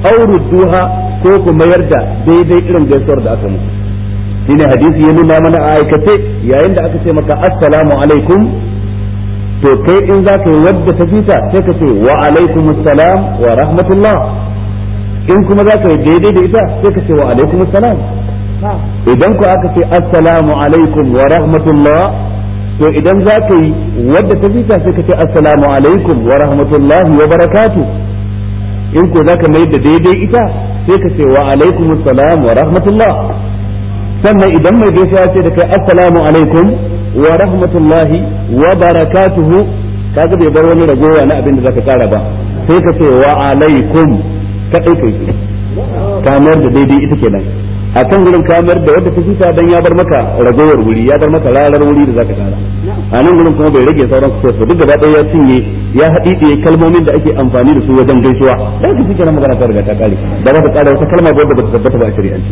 أو ردوها ko kuma yarda daidai irin gaisuwar da aka shine hadisi ya nuna mana a aikace yayin da aka ce maka assalamu alaikum to kai in za ka yi wadda ta fita sai ka ce wa alaikum assalam wa rahmatullah in kuma za ka yi daidai da ita sai ka ce wa alaikum assalam idan ku aka ce assalamu alaikum wa rahmatullah to idan za ka yi wadda ta fita sai ka ce assalamu alaikum wa rahmatullah wa barakatu, in ko za ka mai da daidai ita sai ka ce wa alaikum assalam wa rahmatullah sannan idan mai gaisa ya ce da kai assalamu alaikum wa rahmatullahi wa barakatuhu kaga bai bar wani ragowa na abin da zaka kara ba sai ka ce wa alaikum dai kai kamar da daidai ita kenan a kan gurin kamar da wanda ta fita dan ya bar maka ragowar wuri ya bar maka rarar wuri da zaka kara a nan gurin kuma bai rage sauran kusa su duk gaba ɗaya ya cinye ya haɗi da kalmomin da ake amfani da su wajen gaisuwa dan ka fike na magana ta riga ta kare da za ka kara wata kalma wadda ba ta tabbata ba a shari'anci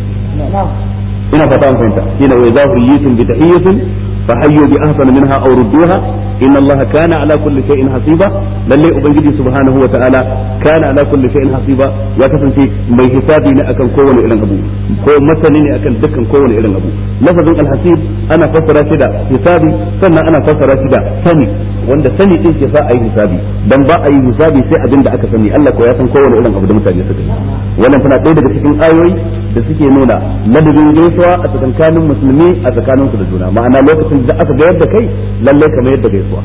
ina fata an fahimta yana wa idza huyitum bi tahiyyatin fa hayyu bi ahsana minha aw rudduha inna allaha kana ala kulli shay'in hasiba lalle ubangiji subhanahu wa ta'ala kana ala kulli shay'in hasiba ya kasance mai hisabi ne akan kowane irin abu ko masani ne akan dukkan kowane irin abu lafazin al-hasib ana fassara shi da hisabi sannan ana fassara shi da sani wanda sani din ke sa a yi hisabi dan ba a yi hisabi sai abin da aka sani Allah ko ya san kowane irin abu da mutane suka yi wannan tana ɗaya daga cikin ayoyi da suke nuna ladabin gaisuwa a tsakankanin musulmi a tsakanin su da juna ma'ana lokacin da aka gayar da kai lalle ka mayar da gaisuwa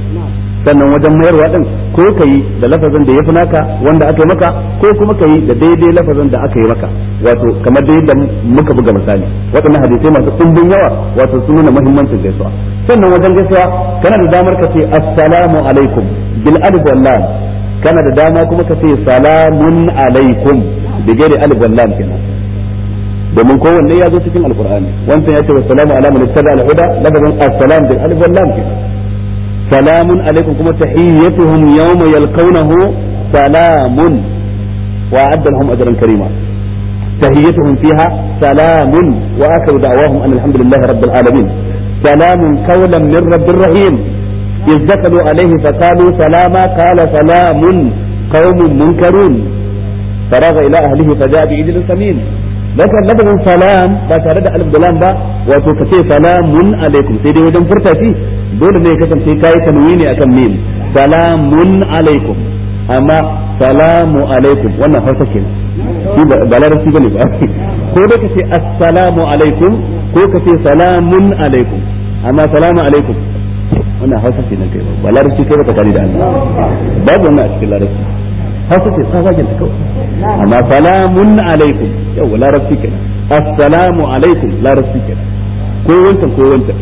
sannan wajen mayarwa din ko kayi da lafazin da yafi naka wanda aka yi maka ko kuma kayi da daidai lafazin da aka yi maka wato kamar da yadda muka buga misali waɗannan hadisai masu kumbin yawa wato sun nuna muhimmancin gaisuwa sannan wajen gaisuwa kana da damar ka ce assalamu alaikum bil alif wal lam kana da dama kuma ka ce salamun alaikum da alif wal lam kenan domin kowanne ya zo cikin alqur'ani wancan ya ce wassalamu ala man ittaba al huda lafazin assalam bil alif wal lam kenan salamun alaikum kuma tahiyyatuhum yawma yalqawnahu salamun wa adda lahum ajran karima تهيتهم فيها سلام وآخر دعواهم أن الحمد لله رب العالمين سلام قولا من رب رحيم إذ دخلوا عليه فقالوا سلاما قال سلام قوم منكرون فراغ إلى أهله فجاء بعجل سمين لكن لفظ سلام فترد ألف دلام با وتكسي سلام عليكم سيدي وجن فرتاتي دول ما يكسم في كاي تنويني أكم مين سلام عليكم أما سلام عليكم وانا فرتكينا ba larabci bane ba ko da kace assalamu alaikum ko kace salamun alaikum amma salamu alaikum wannan hausa ce na kai ba ba larabci kai baka tare da Allah babu wannan a cikin larabci hausa ce tsabagen ta kawai amma salamun alaikum yau larabci kenan assalamu alaikum larabci kenan ko wancan ko wancan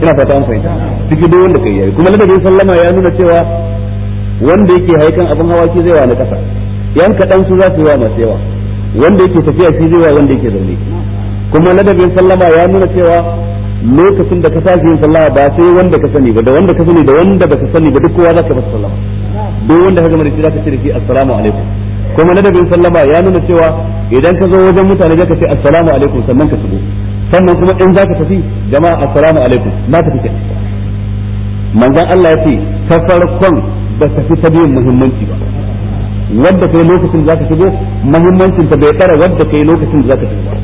ina fata an fahimta ciki duk wanda kai yayi kuma ladabin sallama ya nuna cewa wanda yake haikan abin ke zai wa na kasa yan kaɗan su za su yi wa masu yawa wanda yake tafiya shi zai wa wanda yake zaune kuma ladabin sallama ya nuna cewa lokacin da ka sake yin sallama ba sai wanda ka sani ba da wanda ka sani da wanda baka sani ba duk kowa zaka masa sallama duk wanda ka gama da shi zaka ce da shi assalamu alaikum kuma ladabin sallama ya nuna cewa idan ka zo wajen mutane zaka ce assalamu alaikum sannan ka shigo sannan kuma in zaka tafi jama'a assalamu alaikum na tafi kai manzon Allah ya ce ta farkon ba ta fi ta biyan muhimmanci ba wadda kai lokacin zaka shigo muhimmancin ta bai tsara wadda kai lokacin zaka shigo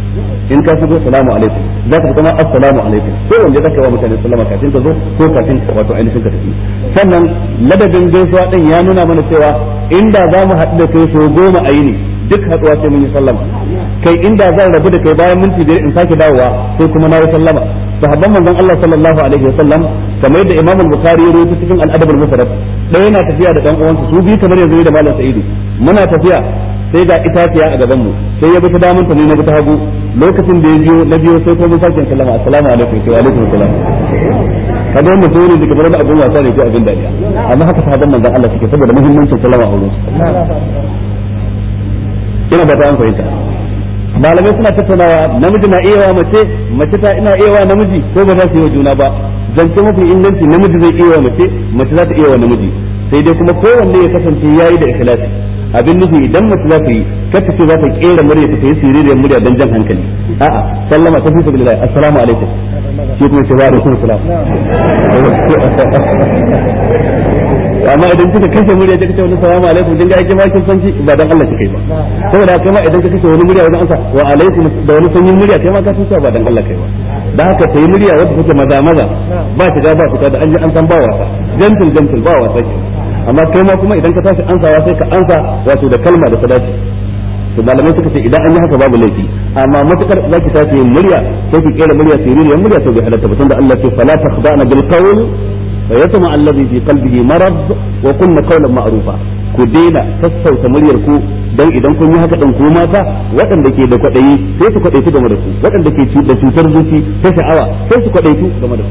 in ka shigo salamu alaikum zaka fita ma assalamu alaikum ko wanda zaka wa mutane sallama kafin ka zo ko kafin wato ainihin ka tafi sannan ladabin gaisuwa din ya nuna mana cewa inda zamu haɗu da kai so goma a yini duk haɗuwa sai mun yi sallama kai inda zan rabu da kai bayan minti biyar in sake dawowa sai kuma na yi sallama sahabban manzon Allah sallallahu alaihi wasallam kamar yadda Imam Bukhari ya rawaito cikin al-Adab al-Mufrad ɗaya yana tafiya da dan uwansa su biyu kamar yanzu da Malam Sa'idu muna tafiya sai ga itaciya a gaban mu sai ya bi ta damun ta ne na bi ta hagu lokacin da ya biyo na biyo sai kuma sake sallama assalamu alaikum wa alaikum assalam kaga wannan ne abun wasa ne ko abin dariya amma haka sahabban manzon Allah suke saboda muhimmancin sallama a wurin ina ba ta an fahimta malamai suna tattaunawa namiji na iya mace mace ta ina iya namiji ko ba za su yi wa juna ba zance mafi inganci namiji zai iya mace mace za ta iya wa namiji sai dai kuma kowanne ya kasance ya yi da ikhlasi abin nufi idan mace za ta yi kata ce za ta kera murya ta yi siririyar murya don jan hankali a'a sallama ta fi sabilillah assalamu alaikum shi kuma ce wa alaikum assalam amma idan kika kashe murya kika ce wani salamu alaikum din ga kima kin san ba dan Allah kika yi ba saboda kai ma idan ka kashe wani murya wajen ansa wa alaikum da wani sanyi murya kai ma ka san ba dan Allah kai ba da haka kai murya wanda take maza maza ba ta ga ba fita da an ji an san ba wasa gentle gentle ba wasa amma kai ma kuma idan ka tashi ansawa sai ka ansa wato da kalma da sadaki to malamai suka ce idan an yi haka babu laifi amma matukar za ki tashi murya sai ki kera murya sirriyar murya to bai halatta ba tunda Allah ce fala takhda'na bil qawl fa yatma allazi fi qalbihi marad wa kunna qawlan ma'rufa ku daina sassauta muryar ku dan idan kun yi haka dan ku mata waɗanda ke da kwadayi sai su kwadaitu game da ku waɗanda ke da cutar zuci ta sha'awa sai su kwadaitu game da ku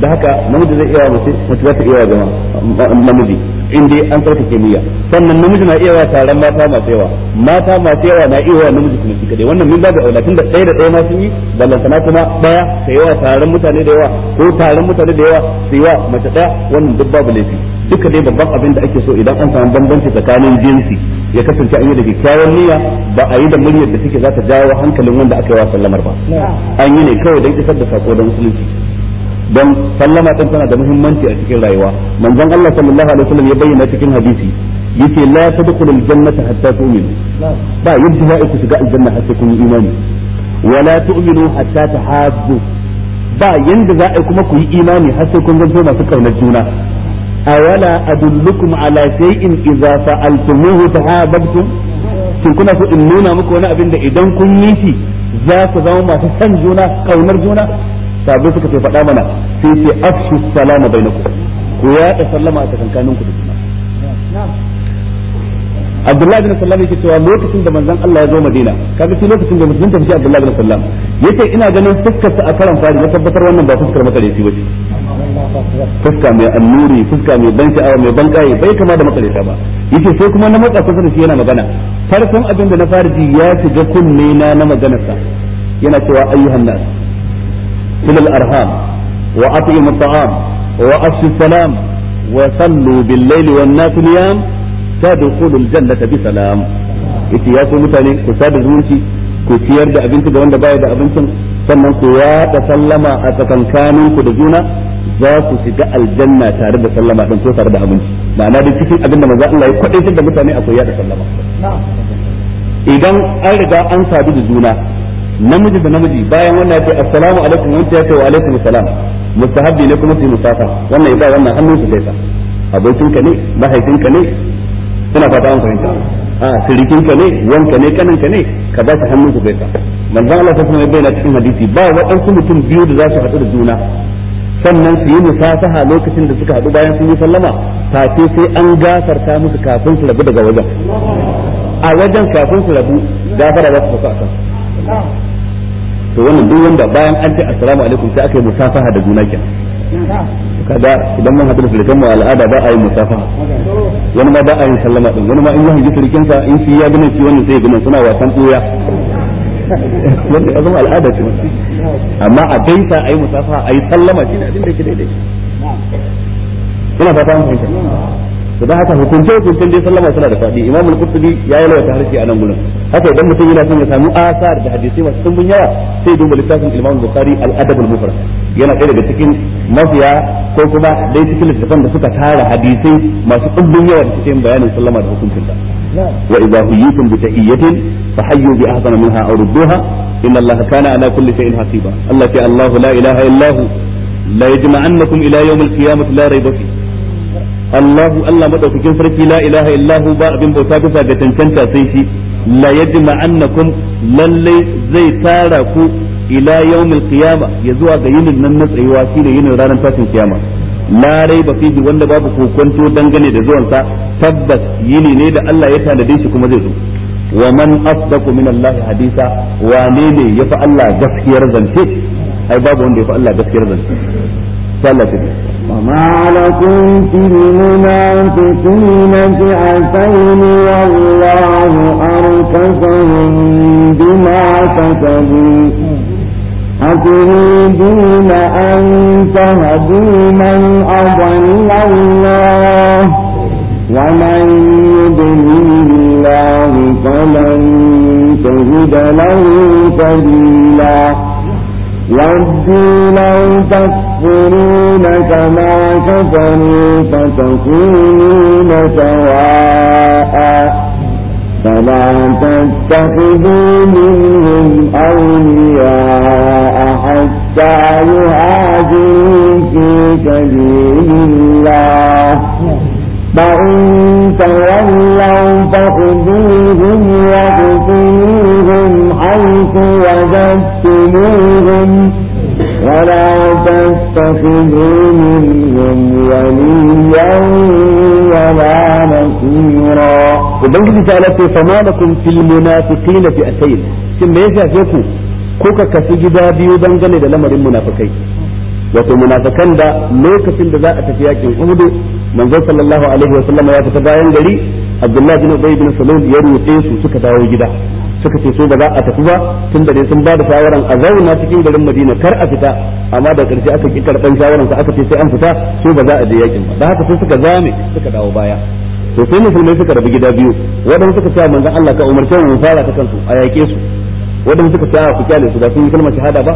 da haka namiji zai iya mace mace za ta iya jama'a namiji in dai an tsarkake niyya sannan namiji na iya wa taron mata masu yawa mata masu yawa na iya wa namiji kuma shi kadai wannan min babu aula tunda ɗaya da ɗaya ma sun yi ballantana kuma ɗaya ta yawa taron mutane da yawa ko taron mutane da yawa su yi wa mace ɗaya wannan duk babu laifi duka dai babban abin da ake so idan an samu bambanci tsakanin jinsi ya kasance an yi da kyakkyawan niyya ba a yi da muryar da take za ta jawo hankalin wanda aka yi wa sallamar ba an yi ne kawai don isar da sako dan musulunci don sallama din tana da muhimmanci a cikin rayuwa manzon Allah sallallahu alaihi wasallam ya bayyana cikin hadisi yace la tadkhulu aljannata hatta tu'minu ba yadda za ku shiga aljanna har sai kun yi imani wala tu'minu hatta tahabbu ba yanda za a kuma ku yi imani har sai kun zanto masu kaunar juna awala adullukum ala shay'in idza fa'altumuhu tahabbtum shin kuna so in nuna muku wani abin da idan kun yi shi za ku zama masu san juna kaunar juna sabai suka ce faɗa mana sai ce afshu salama bainakum ku da sallama a tsakankanin ku da juna Abdullahi bin Sallam yake cewa lokacin da manzon Allah ya zo Madina kaga shi lokacin da musulunta tafi Abdullahi bin Sallam yace ina ganin fuskar sa a karan fari na tabbatar wannan ba fuskar makareci bace fuska mai annuri fuska mai ban sha'awa mai ban kai bai kama da makareta ba yace sai kuma na matsa kusa da shi yana magana farkon abin da na fara ji ya shiga kunne na na maganarsa yana cewa ayyuhan nas إلى الأرهام وأطعموا الطعام وأفشوا السلام وصلوا بالليل والناس نيام تدخلوا الجنة بسلام yace ya so mutane ku sada zumunci ku ciyar da abinci wanda da abincin sannan ku yaɗa sallama a tsakankanin ku da juna za ku shiga aljanna tare da sallama din ko tare da abinci ma'ana da cikin abin da manzo Allah ya kwadaitar da mutane akwai yaɗa sallama idan an riga an sadu da juna namiji da namiji bayan wannan ce assalamu alaikum wanda ya ce wa alaikum assalam mustahabbi ne kuma su musafa wannan ya ba wannan hannun su gaisa abokinka ne mahaifinka ne suna fata an fahimta a sirikinka ne wanka ne kaninka ne ka ba shi hannun ku gaisa manzon Allah sallallahu alaihi wasallam cikin hadisi ba waɗansu mutum biyu da za su haɗu da juna sannan su yi musafaha lokacin da suka haɗu bayan sun yi sallama face sai an gafarta musu kafin su rabu daga wajen a wajen kafin su rabu gafara za su sauka a kan. to wannan duk wanda bayan an ce assalamu alaikum sai aka yi musafaha da juna kenan kada idan mun hadu da sulkan mu al'ada ba a yi musafaha wani ma ba a yi sallama din wani ma in ya hanji sulkin sa in shi ya gina shi wannan sai ya gina suna wasan tsoya wannan ya al'ada ce amma a gaisa a yi musafaha a yi sallama shi ne abin da yake daidai ina fata an fahimta da haka hukunce hukuncen dai sallama suna da fadi imamul qurtubi ya yi lawata harshe a nan gurin haka idan mutum yana son ya samu asar da hadisi masu dimbin yawa sai duba littafin imamul bukhari al adab al mufrad yana ɗaya daga cikin mafiya ko kuma dai cikin littafan da suka tara hadisai masu dimbin yawa da cikin bayanin sallama da hukuncin ta wa idza huyitum bi tahiyyatin fa hayyu bi ahsana minha aw rudduha inna allaha kana ala kulli shay'in hasiba allati allahu la ilaha illa hu la yajma'annakum ila yawm al qiyamati la rayba fihi Allahu Allah madaukakin sarki la ilaha illahu ba abin bauta bisa ga tantanta sai shi la yajma annakum zai tara ku ila yawmil qiyama ya zuwa ga yinin nan na tsayuwa shi da yinin ranar tasin kiyama la raiba fihi wanda babu kokonto dangane da zuwansa tabbas yini ne da Allah ya tanade shi kuma zai zo wa man asdaqu min Allah hadisa wane ne yafi Allah gaskiyar zance ai babu wanda yafi Allah gaskiyar zance وما لكم في المنافقين فئتين والله أركسهم بما كسبوا أتريدون أن تهدوا من أضل الله ومن يضلل الله فلن تجد له سبيلا ودوا لو تكفرون يكفرون كما كفروا فتكونون سواء فلا تتخذوا منهم أولياء حتى يهاجروا في سبيل الله فإن تولوا فخذوهم وقتلوهم حيث وجدتموهم ولا تتخذوا منهم وليا ولا نصيرا وبنجد na فما لكم في المنافقين فئتين ku ko kuka kasu gida biyu dangane da lamarin munafikai wato munafikan da lokacin da za a tafi yakin hudu manzon sallallahu alaihi wa ya fita bayan gari abdullahi bin ubay bin salul ya rute su suka dawo gida suka ce so ba za a tafi ba tun da sun ba da shawaran a zauna cikin garin Madina kar a fita amma da karshe aka ki karban shawaran aka ce sai an fita so ba za a je yakin ba da haka sai suka zame suka dawo baya to sai musulmai suka rabu gida biyu wadanda suka ce manzon Allah ka umarce mu fara ta kansu a yake su wadanda suka ce ku kyale su ba sun yi kalmar shahada ba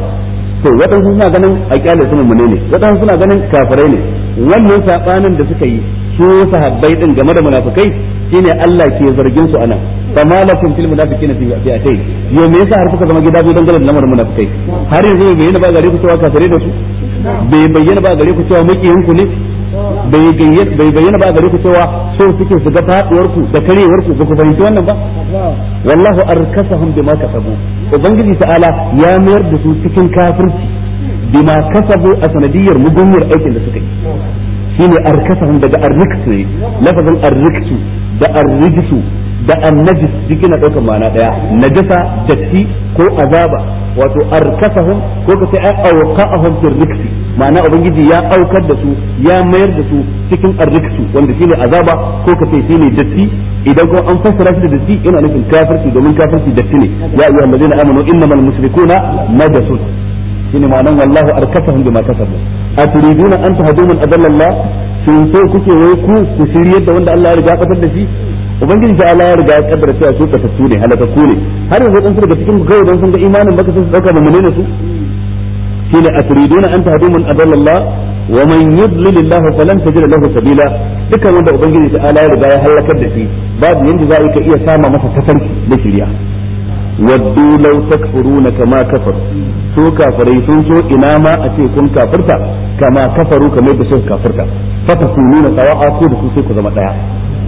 to waɗansu suna ganin a kyale su mummune ne waɗansu suna ganin kafirai ne wannan sabanin da suka yi su sahabbai din game da munafikai shine Allah ke zargin su anan fa malakum fil munafiqina fi fi'atay yo me yasa har kuka zama gida biyu dangane da lamarin munafikai har yanzu me yana ba gare ku cewa kafirai da su bai bayyana ba gare ku cewa makiyin ku ne bai bayyana ba gare ku cewa so suke su ga faduwar ku da karewar ku ba ku fahimci wannan ba wallahu arkasahum bima kasabu ubangiji ta'ala ya mayar da su cikin kafirci bima kasabu a sanadiyar mugunyar aikin da suka yi shine arkasahum daga arriksu ne lafazin arriksu da arriksu da annajis duk yana daukan ma'ana daya najasa datti ko azaba wato arkasahum ko ka sai awqa'ahum fil riksi ma'ana ubangiji ya aukar da su ya mayar da su cikin arriksu wanda shine azaba ko ka sai shine datti idan ko an fassara shi da datti yana nufin kafirci domin kafirci datti ne ya ayyuhal ladina amanu innamal mushrikuna najasun shine ma'anan wallahu arkasahum bima kasabu aturiduna an tahdu man adalla Allah shin so kuke wai ku ku shiryar yadda wanda Allah ya riga kafar da shi ubangiji ta Allah ya riga ya kaddara cewa su kasassu ne halakakku ne har yanzu dan su daga cikin gaiwa dan sun ga imanin baka sun dauka ba menene su shine aturiduna an tahdu man adalla Allah wa man yudlil Allah falan tajid lahu sabila dukkan wanda ubangiji ta Allah ya riga ya halakar da shi babu yanda za ka iya sama masa tafarki da shiriya waddu law takfuruna kama kafar su kafirai sun so ina ma a ce kun kafirta kama kafaru kamar da suka kafirta fa takununa sawa'a ko da su sai ku zama daya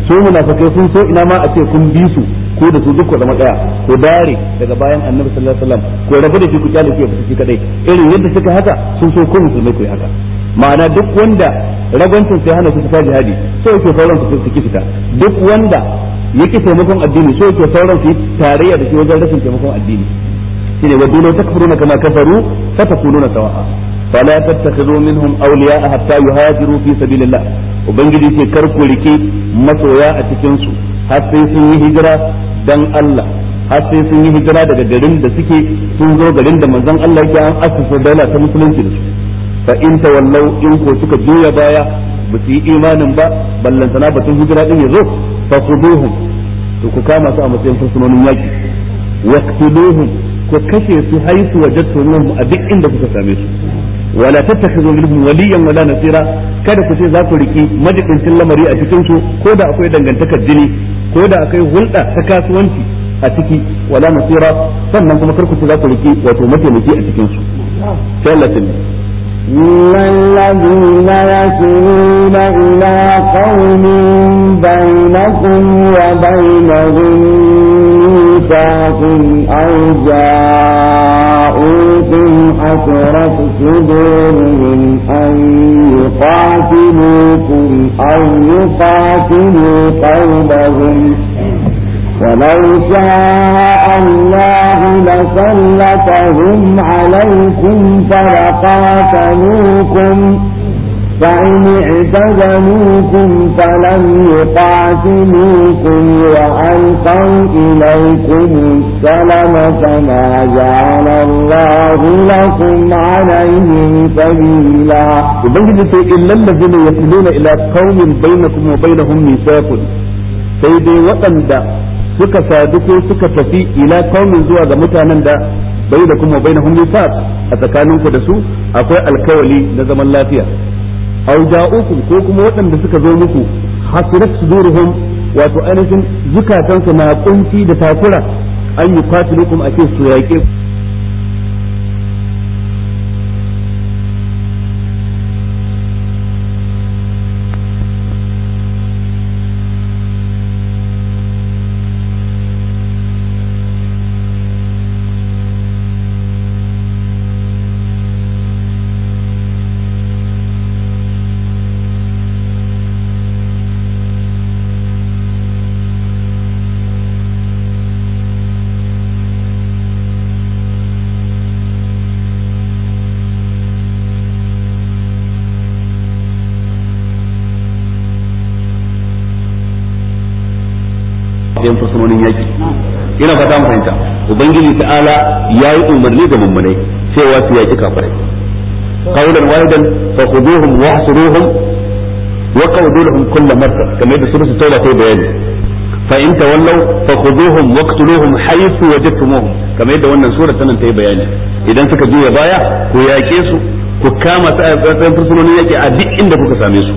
su munafikai sun so ina ma a ce kun bi su ko da su duk ku zama daya ku dare daga bayan annabi sallallahu alaihi wasallam ko rabu da shi ku kyale shi ku kadai irin yadda suka haka sun so ku musulmai ku haka ma'ana duk wanda ragwancin sai hana su fita jihadi so yake sauran su suke fita duk wanda yake taimakon addini so yake sauran su tarayya da shi wajen rashin taimakon addini shine wa dole takfuruna kama kafaru fa takununa sawa'a fala tattakhidhu minhum awliya hatta yuhajiru fi sabilillah ubangiji ce kar ku rike masoya a cikin su har sai sun yi hijira dan Allah har sai sun yi hijira daga garin da suke sun zo garin da manzon Allah ya an asasa dala ta musulunci da su fa in wallau in ko suka juya baya ba su yi imanin ba ballantana batun hijira din yazo fa quduhum to ku kama su a matsayin fursunonin yaki waqtuluhum ku kashe su haitu wajadtumuhum a duk inda kuka same su wala tattakhidhu minhum waliyan wala nasira kada ku ce za ku riki majibincin lamari a cikin su ko da akwai dangantakar jini ko da akwai hulɗa ta kasuwanci a ciki wala nasira sannan kuma kar ku ce za ku riki wato mataimaki a cikin su إن الذين يصلون إلى قوم بينكم وبينهم ميثاق أو جاءوكم حسرت صدورهم أن يقاتلوا قومهم ولو شاء الله لسلطهم عليكم فلقاتلوكم فإن اعتزلوكم فلم يقاتلوكم وألقوا إليكم السلم فما جعل الله لكم عليهم سبيلا وبنجد إلا الذين يصلون إلى قوم بينكم وبينهم ميثاق sai dai suka sadu ko suka tafi ila kaumin zuwa ga mutanen da bai da kuma bai na hunnifat a tsakanin tsakaninku da su akwai alkawali na zaman lafiya au ja'ukum ko kuma waɗanda suka zo muku hasirat suduruhum wato ainihin zukatansu na kunci da takura an yi ake su yaƙe fursunonin yaki ina fata mu fahimta ubangiji ta'ala yayi umarni ga mummunai cewa su yaki kafirai qawlan wahidan fa khuduhum wa hsuruhum wa qawduhum lahum kull marsa kamar da suratul tauba ta bayani fa in tawallaw fa khuduhum wa qtuluhum haythu wajadtumuhum kamar da wannan sura tana ta bayani idan suka juya baya ku yake su ku kama su a tsayin fursunonin yaki a duk inda kuka same su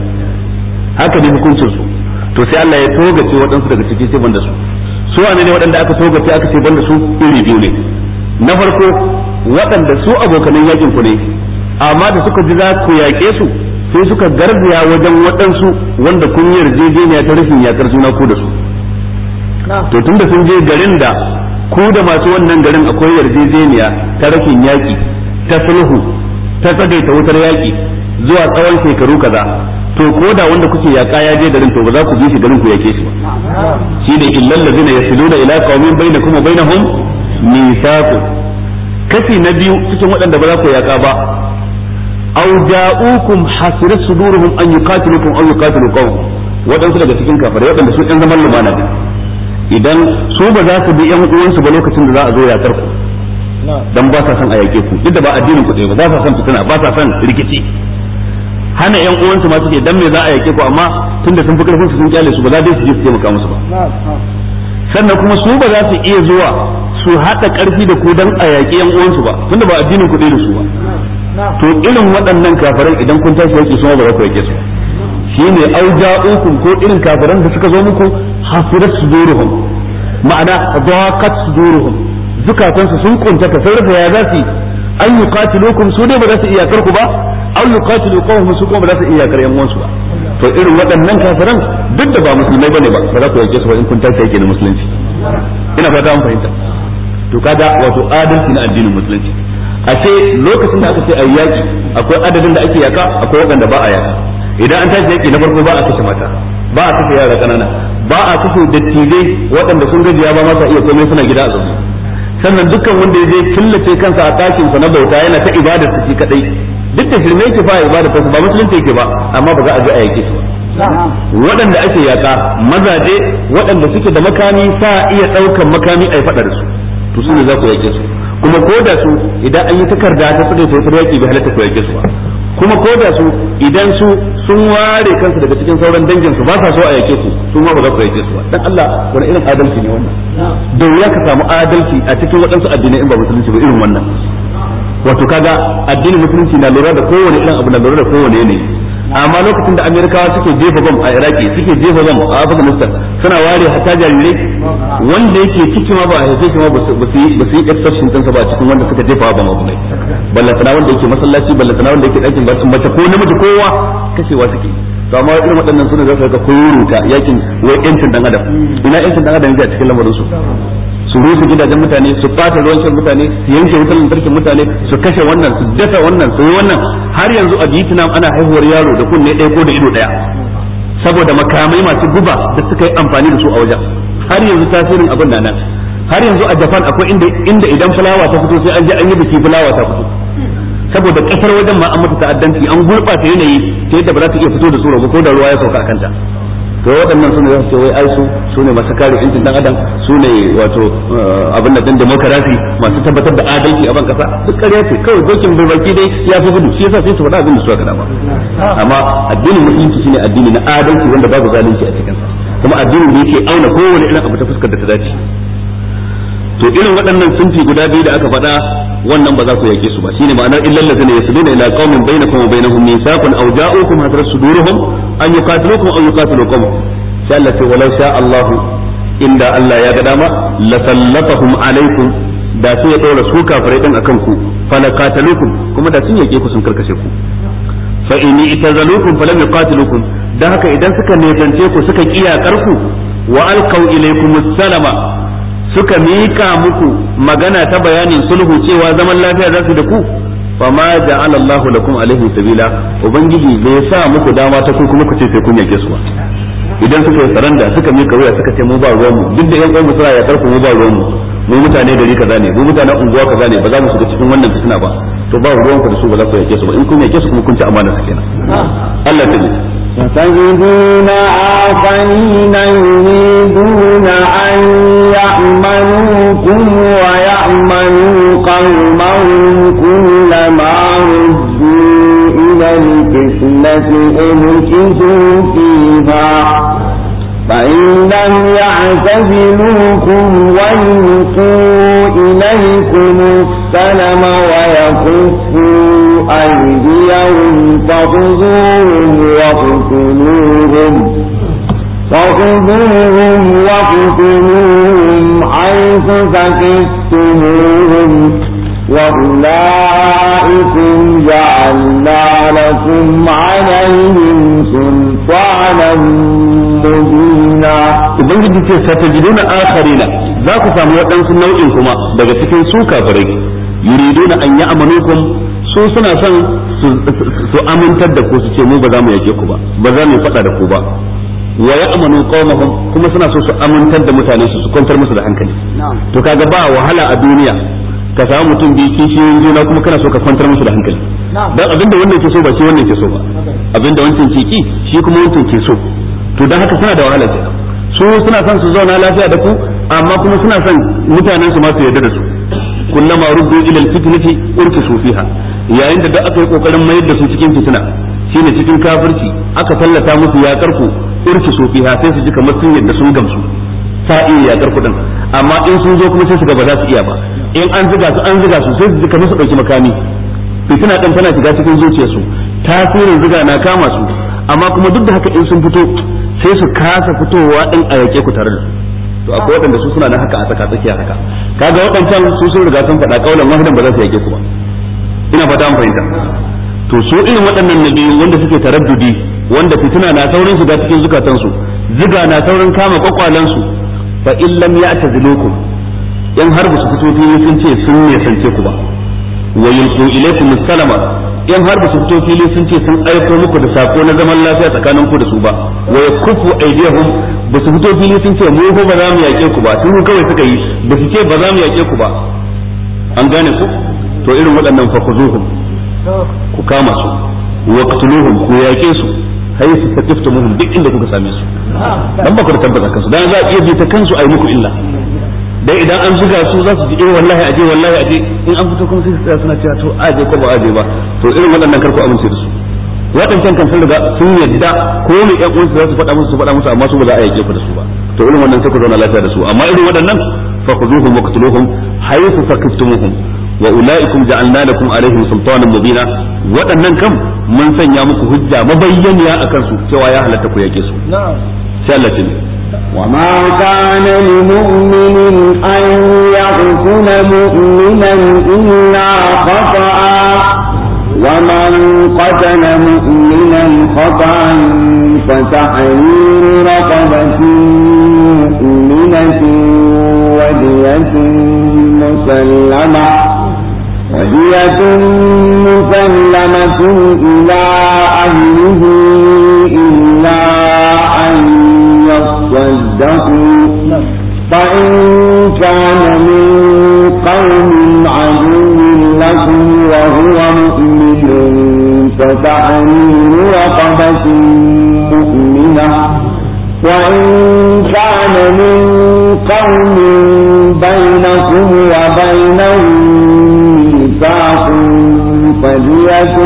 haka ne hukuncin su to sai Allah ya togace waɗansu daga ciki sai banda su su wane ne waɗanda aka togace aka ce banda su iri biyu ne na farko waɗanda su abokanan yakin ku ne amma da suka ji za ku yaƙe su sai suka gargaya wajen waɗansu wanda kun yi yarjejeniya ta rashin yaƙar juna ku da su to tun da sun je garin da ku da masu wannan garin akwai yarjejeniya ta rashin yaƙi ta sulhu ta tsagaita wutar yaƙi zuwa tsawon shekaru kaza to ko da wanda kuke yaka ya je garin to ba za ku bi shi garin ku yake shi ba shi ne illal ladina yasiluna ila qaumin bainakum wa bainahum mithaqu kashi na biyu cikin waɗanda ba za ku yaka ba aw ja'ukum hasirat sudurhum an yuqatilukum aw yuqatilu qaum waɗansu daga cikin kafirai waɗanda su ɗan zaman lumana ne idan su ba za su bi ƴan uwansu ba lokacin da za a zo ya ku dan ba sa son a yake ku duk da ba addinin ku ba za sa son fitina ba sa son rikici hana yan uwansu ma suke dan me za a yake ku amma tunda sun fi karfin su sun kyale su ba za su je su taimaka musu ba sannan kuma su ba za su iya zuwa su haɗa karfi da ku dan a yaƙi yan uwansu ba tunda ba addinin ku da su ba to irin waɗannan kafiran idan kun tashi yake su ba za ku yake su shine au ja'ukum ko irin kafiran da suka zo muku hasirat suduruhum ma'ana daqat suduruhum zukatansu sun kunta ta rufe ya za su an yi katilukum su dai ba za su iyakar ku ba an yi katilu su kuma ba za su iyakar yan wansu ba to irin waɗannan kafiran duk da ba musulmai bane ba ba za ku yake su ba in kun tashi yake na musulunci ina fata an fahimta to kaga wato adalci na addinin musulunci a ce lokacin da aka ce a yaki akwai adadin da ake yaka akwai waɗanda ba a yaka idan an tashi yake na farko ba a kashe mata ba a kashe yara kanana ba a kashe dattijai waɗanda sun gajiya ba ma iya komai suna gida a zaune sannan dukkan wanda ya je killace kansa a ɗakin sa na bauta yana ta ibadar su shi kadai duk da shirme ki fa ibadar su ba musulunci yake ba amma ba za a je a yake su waɗanda ake yaka mazaje waɗanda suke da makami sa iya ɗaukan makami a yi faɗa su to su ne za ku yake su kuma ko da su idan an yi takarda ta ta yi tofar yaki bai halatta ku yake su ba kuma ko da su idan su sun ware kansu daga cikin sauran dangin su ba sa so a yake ku su ma ba za ku yake su ba dan Allah wani irin adalci ne wannan da wuya ka samu adalci a cikin waɗansu addinai in ba musulunci ba irin wannan wato kaga addinin musulunci na lura da kowane irin abu na lura da kowane yanayi amma lokacin da amerikawa suke jefa bom a iraki suke jefa bom a afghanistan suna ware hatta jarirai wanda yake ciki ma ba a haife shi ma ba su yi ba su yi exception ɗinsa ba cikin wanda suka jefa ba mabu mai ballatana wanda yake masallaci ballatana wanda yake ɗakin basu mace ko namiji kowa kashewa suke to amma irin waɗannan suna za su ga koyo yakin wai yancin dan adam ina yancin dan adam yake a cikin lamarin su su rufe gidajen mutane su bata ruwan shan mutane su yanke wutar lantarkin mutane su kashe wannan su dasa wannan su yi wannan har yanzu a Vietnam ana haihuwar yaro da kunne ɗaya ko da ido ɗaya saboda makamai masu guba da suka yi amfani da su a wajen har yanzu tasirin abin na nan har yanzu a Japan akwai inda inda idan fulawa ta fito sai an je an yi biki fulawa ta fito saboda kasar wajen ma an mata ta'addanci an gurɓata yanayi ta yadda ba za ta iya fito da su ba ko da ruwa ya sauka a kanta to waɗannan suna za su ce wai ai su ne masu kare yancin dan adam su ne wato eh, abin da din demokarasi masu tabbatar da adalci a ban kasa duk ƙarya ce kawai dokin bai dai ya fi gudu shi yasa sai su faɗa abin da su ba amma addinin musulunci shine addini na adalci wanda babu zalunci a cikin kuma addinin da yake auna kowane irin abu ta fuskar da ta dace to irin waɗannan sunfi guda biyu da aka faɗa wannan ba za ku yake su ba shine ma'anar illal ladzina yasuduna ila qaumin bainakum wa bainahum mithaqun aw ja'ukum hadra sudurihum an yuqatilukum aw yuqatilu qaumun sai Allah sai walau sha Allah inda Allah ya ga dama la sallatahum alaikum da sai ya daura su kafirai din akan ku falakatalukum kuma da sun yake ku sun karkashe ku fa in itazalukum falam yuqatilukum da haka idan suka nezance ku suka kiyakar ku wa alqaw ilaykum salama suka mika muku magana ta bayanin sulhu cewa zaman lafiya za su da ku fa ma ja'ala Allahu lakum alaihi sabila ubangiji bai sa muku dama ta ku kuma ku ce sai kun yake su idan suka yi saranda suka mika wuya suka ce mu ba ruwan mu duk da yan kwan suna ya tarku mu ba ruwan mu mu mutane gari kaza ne mu mutane unguwa kaza ne ba za mu shiga cikin wannan fitina ba to ba ruwan ku da su ba za ku yake su ba in kun yake su kuma kun ci amana su kenan Allah ta ستجدون آخرين يريدون أن يأمنوكم ويأمنوا قومهم كلما ردوا إلى الفتنة أركزوا فيها فإن لم يعتزلوكم ويلقوا إليكم السلم ويكفوا أيديهم فخذوهم واقتلوهم فخذوهم واقتلوهم حيث سكتموهم وأولئكم جعلنا لكم عليهم سلطانا مبينا ubangiji ce satajiduna akharina za ku samu waɗansu nau'in kuma daga cikin su kafirai yuriduna an ya'manukum su suna son su amintar da ku su ce mu ba za mu yake ku ba ba za mu faɗa da ku ba wa ya'manu qaumahum kuma suna so su amintar da mutane su su kwantar musu da hankali to kaga ba wahala a duniya ka samu mutum biyu kishiyoyin juna kuma kana so ka kwantar musu da hankali dan abinda wannan ke so ba shi wannan ke so ba abinda wancan ke ki shi kuma wancan ke so to dan haka suna da wahala ke. su suna son su zauna lafiya da ku amma kuma suna son mutanen su ma su yarda da su kullama ruddu ila alfitnati urkisu fiha yayin da duk aka yi kokarin mayar da su cikin fitina shine cikin kafirci aka tallata musu ya karku urkisu sai su ji kamar sun yadda sun gamsu ta iya yakar ku din amma in sun zo kuma sai su ga za su iya ba in an ziga su an ziga su sai su ji kamar su dauki makami fitina din tana shiga cikin zuciyarsu tasirin ziga na kama su amma kuma duk da haka in sun fito sai su kasa fitowa din a yake ku tare da to akwai waɗanda su suna nan haka a tsaka tsakiya haka kaga waɗancan su sun riga sun faɗa kaulan wahidan ba za su yake ku ba ina fata an fahimta to su irin waɗannan nabi wanda suke taraddudi wanda fituna na saurin shiga cikin zukatan su ziga na saurin kama kwakwalen su fa in ya'tazilukum in har ba su fito fili sun ce sun ne sance ku ba wa yulqu ilaykum salama in har ba su fito fili sun ce sun aiko muku da sako na zaman lafiya tsakanin ku da su ba wa kufu aidiyahum ba su fito fili sun ce mu ba za mu yake ku ba sun kawai suka yi ba su ce ba za mu yake ku ba an gane ku to irin waɗannan fa kuzuhum ku kama su wa qtuluhum ku yake su hayi su ta muhum duk inda kuka same su dan ba ku da tabbata kansu dan za a iya bi ta kansu ai muku illa dai idan an zuga su za su ji eh wallahi aje wallahi aje in an fito kuma sai suna cewa to aje ko ba aje ba to irin waɗannan karku amince da su waɗancan kan sun riga sun yadda ko ne ƴan uwansu za su faɗa musu su faɗa musu amma su ba za a yake ku da su ba to irin wannan sai ku zauna lafiya da su amma irin waɗannan fa khuzuhum wa qtuluhum haythu sakiftumuhum wa ulaikum ja'alna lakum alaihim sultanan mubina waɗannan kam mun sanya muku hujja mabayyaniya akan su cewa ya halatta ku yake su sai Allah وما كان لمؤمن أن يقتل مؤمنا إلا خطأ ومن قتل مؤمنا خطأ فتحرير رقبة مؤمنة ودية مسلمة ودية مسلمة إلى أهله إلا صدقوا فإن كان من قوم عدو لكم وهو مؤمن فتعنين رقبة مؤمنة وإن كان من قوم بينكم وبينهم ميثاق فدية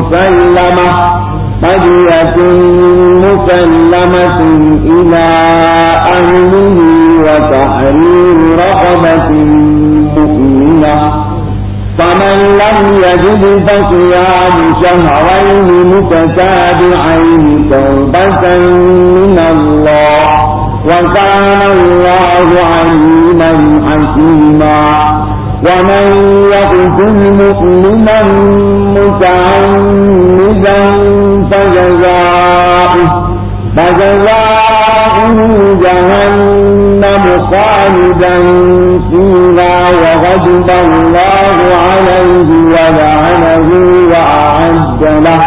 مسلمة فدية مسلمة إلى أهله وتحرير رقبة مؤمنة فمن لم يجد فصيام شهرين متتابعين توبة من الله وكان الله عليما حكيما ومن يقتل مؤمنا متعمدا فجزاؤه فجزاؤه جهنم خالدا فيها وغضب الله عليه ولعنه وأعد له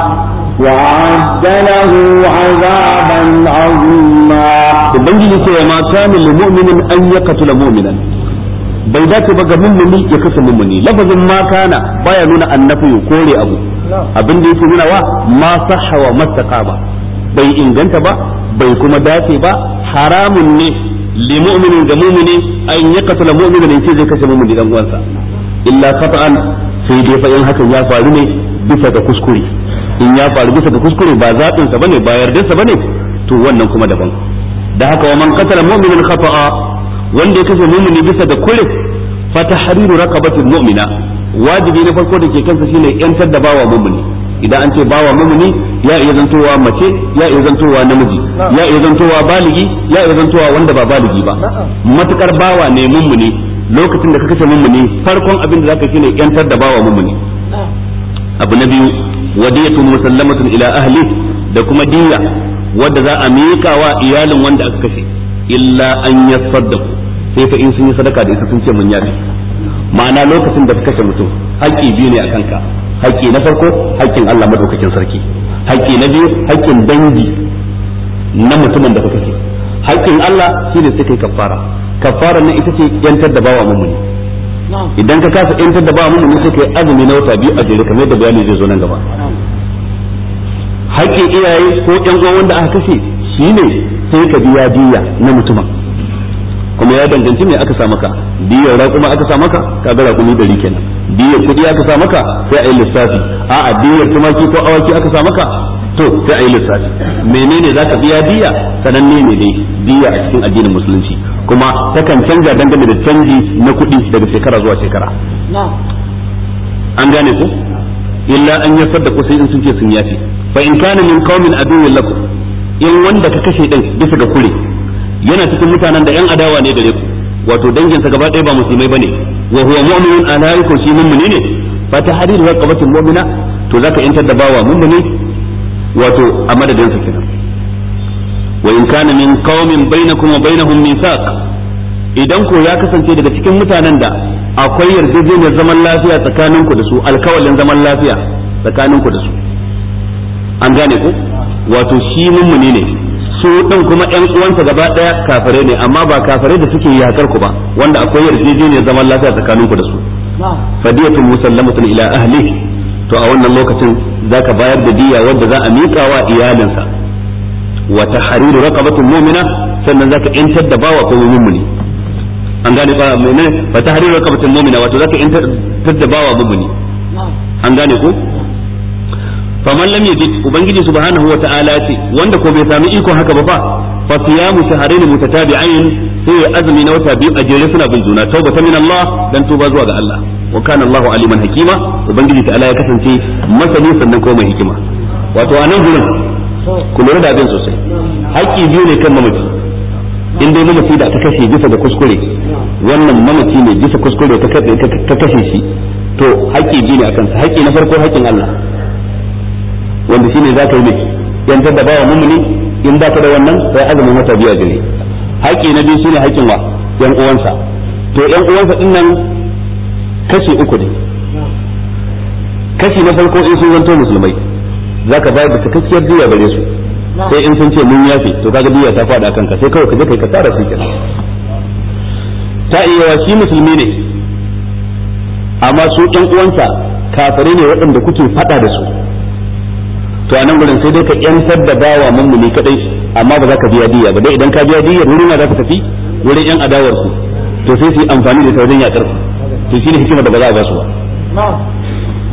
وأعد له عذابا عظيما. Ubangiji ce ma mata lil mu'minin an yaqtula mu'minan bai dace ba ga mummuni ya kasa mummuni lafazin ma kana baya nuna annafi kore abu abin da yake nuna wa ma sahha wa bai inganta ba bai kuma dace ba haramun ne li mu'minin ga mu'mini an yaqtula ne sai zai kashe mu'mini dan uwansa illa qat'an sai dai fa in hakan ya faru ne bisa ga kuskure in ya faru bisa ga kuskure ba zabin sa bane ba yardar sa bane to wannan kuma daban da haka wa man qatala mu'minan khata'a wanda ya kashe mu'mini bisa ga kuskure fa tahriru raqabatil mu'mina wajibi na farko da ke kansa shine yantar da bawa mu'mini idan an ce bawa mumuni ya iya zantowa mace ya iya zantowa namiji ya iya zantowa baligi ya iya zantowa wanda ba baligi ba matukar bawa ne mumuni lokacin da ka kashe mumuni farkon abin da za zaka shine yantar da bawa mumuni abu na biyu wadiyatun musallamatun ila ahli da kuma diya wadda za a miƙa wa iyalin wanda aka kashe illa an yasaddaku sai fa in sun yi sadaka da isa sun ce mun yafi ma'ana lokacin da ka kashe mutum haƙƙi biyu ne a kanka haƙƙi na farko haƙƙin Allah madaukakin sarki haƙƙi na biyu haƙƙin dangi na mutumin da ka kashe haƙƙin Allah shine sai kai kafara kafara nan ita ce yantar da bawa muni idan ka kasa yantar da bawa mumuni sai kai azumi na wata biyu a jere kamar da bayani zai zo nan gaba haƙƙin iyaye ko ƴan uwa wanda aka kashe shine sai ka biya diya na mutumin kuma ya danganci me aka sa maka biyar raƙuma aka sa maka ku raƙumi dari kenan biyar kuɗi aka sa maka sai a yi lissafi a'a biyar tumaki ko awaki aka sa maka to sai a lissafi menene za ka biya biya sananne ne ne biya a cikin addinin musulunci kuma takan canja dangane da canji na kuɗi daga shekara zuwa shekara an gane ku illa an ya da sai in sun ce sun yafi fa in kana min qaumin adu lakum in wanda ka kashe din bisa ga kure yana cikin mutanen da yan adawa ne gare ku wato danginsa gaba ɗaya ba musulmai bane wa huwa mu'minun ala yakun shi mun ne fa tahrir raqabatin mu'mina to zaka yantar da bawa mummuni wato a madadin sa kenan wa in kana min qaumin bainakum wa bainahum mithaq idan ko ya kasance daga cikin mutanen da akwai yarjejeniyar zaman lafiya tsakaninku da su alkawalin zaman lafiya tsakaninku da su an gane ku wato shi mun ne su din kuma ƴan uwansa gaba ɗaya kafare ne amma ba kafare da suke yakar ku ba wanda akwai yarjejeniyar zaman lafiya tsakanin ku da su fadiyatun musallamatun ila ahli to a wannan lokacin zaka bayar da diya wanda za a miƙa wa iyalinsa wa tahriru raqabatul mu'mina sannan zaka intar da bawa ko mu'mini an gane ba menene fa tahriru raqabatul mu'mina wato zaka intar da bawa mu'mini an gane ku faman lam yajid ubangiji subhanahu wa ta'ala ce wanda ko bai sami iko haka ba fa fa siyamu shahrayn mutatabi'ain sai ya azumi na wata biyu a jere suna bin juna taubata min Allah dan tuba zuwa ga Allah wa kana Allahu aliman hakima ubangiji ta'ala ya kasance masani sannan ko mai hikima wato anan gurin ku lura da abin sosai haƙƙi biyu ne kan mamaci in dai mamaci da aka kashe bisa da kuskure wannan mamaci ne bisa kuskure ta kashe shi to haƙƙi biyu ne akan sa haƙƙi na farko haƙƙin Allah wanda shine za ka yi mai yantar da wa mumuni in ba ka da wannan sai azumin wata biyu a haƙi haƙƙi na biyu shine haƙƙin wa yan uwansa to yan uwansa din nan kashi uku ne kashi na farko in sun zanto musulmai za ka bayar da cikakkiyar diya gare su sai in sun ce mun yafe to kaga diya ta faɗa kanka sai kawai ka je kai ka tsara su kenan ta iya shi musulmi ne amma su ɗan uwansa kafare ne waɗanda kuke faɗa da su to anan gurin sai dai ka yantar da bawa mummuni kadai amma ba za ka biya diya ba dai idan ka biya diya wurin za ka tafi wurin yan adawar ku to sai su yi amfani da sauran yakar ku to shine hikima da ba za a ba su ba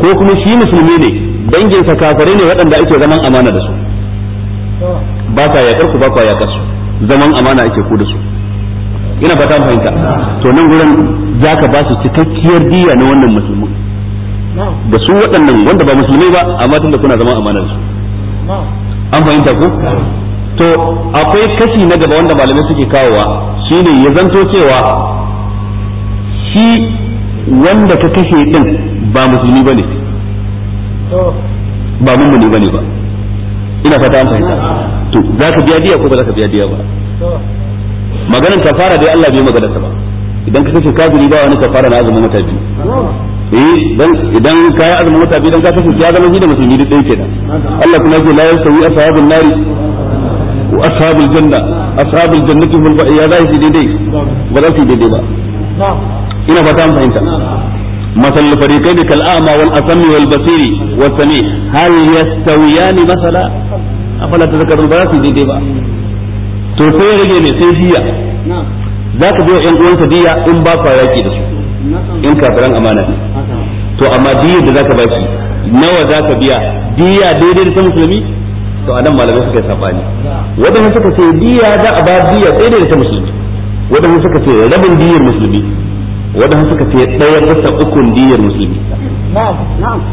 ko kuma shi musulmi ne dangin sa kafare ne waɗanda ake zaman amana da su ba ka yakar ku ba ka yakar su zaman amana ake ku da su ina fata fahimta to nan gurin za ka ba su cikakkiyar diya na wannan musulmi da su waɗannan wanda ba musulmai ba amma tunda kuna zama amanar su an fahimta ko to akwai kashi na gaba wanda malamai suke kawowa shine ya zanto cewa shi wanda ka kashe din ba musulmi ba ne ba mummuni ne ba ina fata an fahimta to za ka biya diya ko ba za ka biya diya ba maganar kafara dai Allah bai magana ta ba idan ka kashe kafiri ba wani kafara na azumin wata biyu eh dan idan kai azumin wata biyu dan ka kasance ya zama shi da musulmi duk ɗaya kenan Allah kuma yake la yasawi ashabun nari wa ashabul janna ashabul jannati hum ba ya zai daidai ba za su daidai ba ina fata an fahimta مثل الفريقين كالأعمى والأصم والبصير والسميع هل يستويان مثلا أفلا تذكرون بلا في دي با تو sai rage ne sai jiya za ka biyo yan uwansa diya in ba yaki da su in kafiran amana ne to amma diyar da zaka bashi nawa zaka biya diya daidai da ta musulmi to anan malamai suka yi sabani wadanda suka ce diya za a ba diya daidai da ta musulmi wadanda suka ce rabin diyar musulmi wadanda suka ce daya bisa ukun diyar musulmi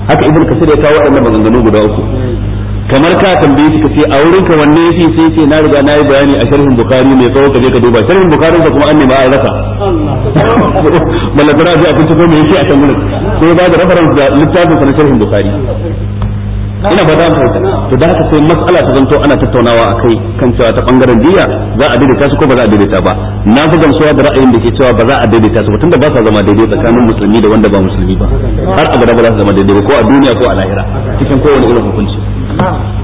haka ibn kasir ya kawo waɗannan maganganu guda uku hmm. kamar ka tambaye shi kace a wurinka wanne yafi sai ce na riga na yi bayani a sharhin bukari mai tsawo kaje ka duba sharhin bukhari sa kuma an nema an rasa balla tara ji a kunce ko me yake a can gurin sai ba da reference da littafin sa na sharhin bukhari ina ba za mu fahimta to da haka sai mas'ala ta zanto ana tattaunawa a kai kan cewa ta bangaren jiya za a daidaita su ko ba za a daidaita ba na fi gamsuwa da ra'ayin da ke cewa ba za a daidaita su ba tunda ba sa zama daidai tsakanin musulmi da wanda ba musulmi ba har abada ba za su zama daidai ba ko a duniya ko a lahira cikin kowane irin hukunci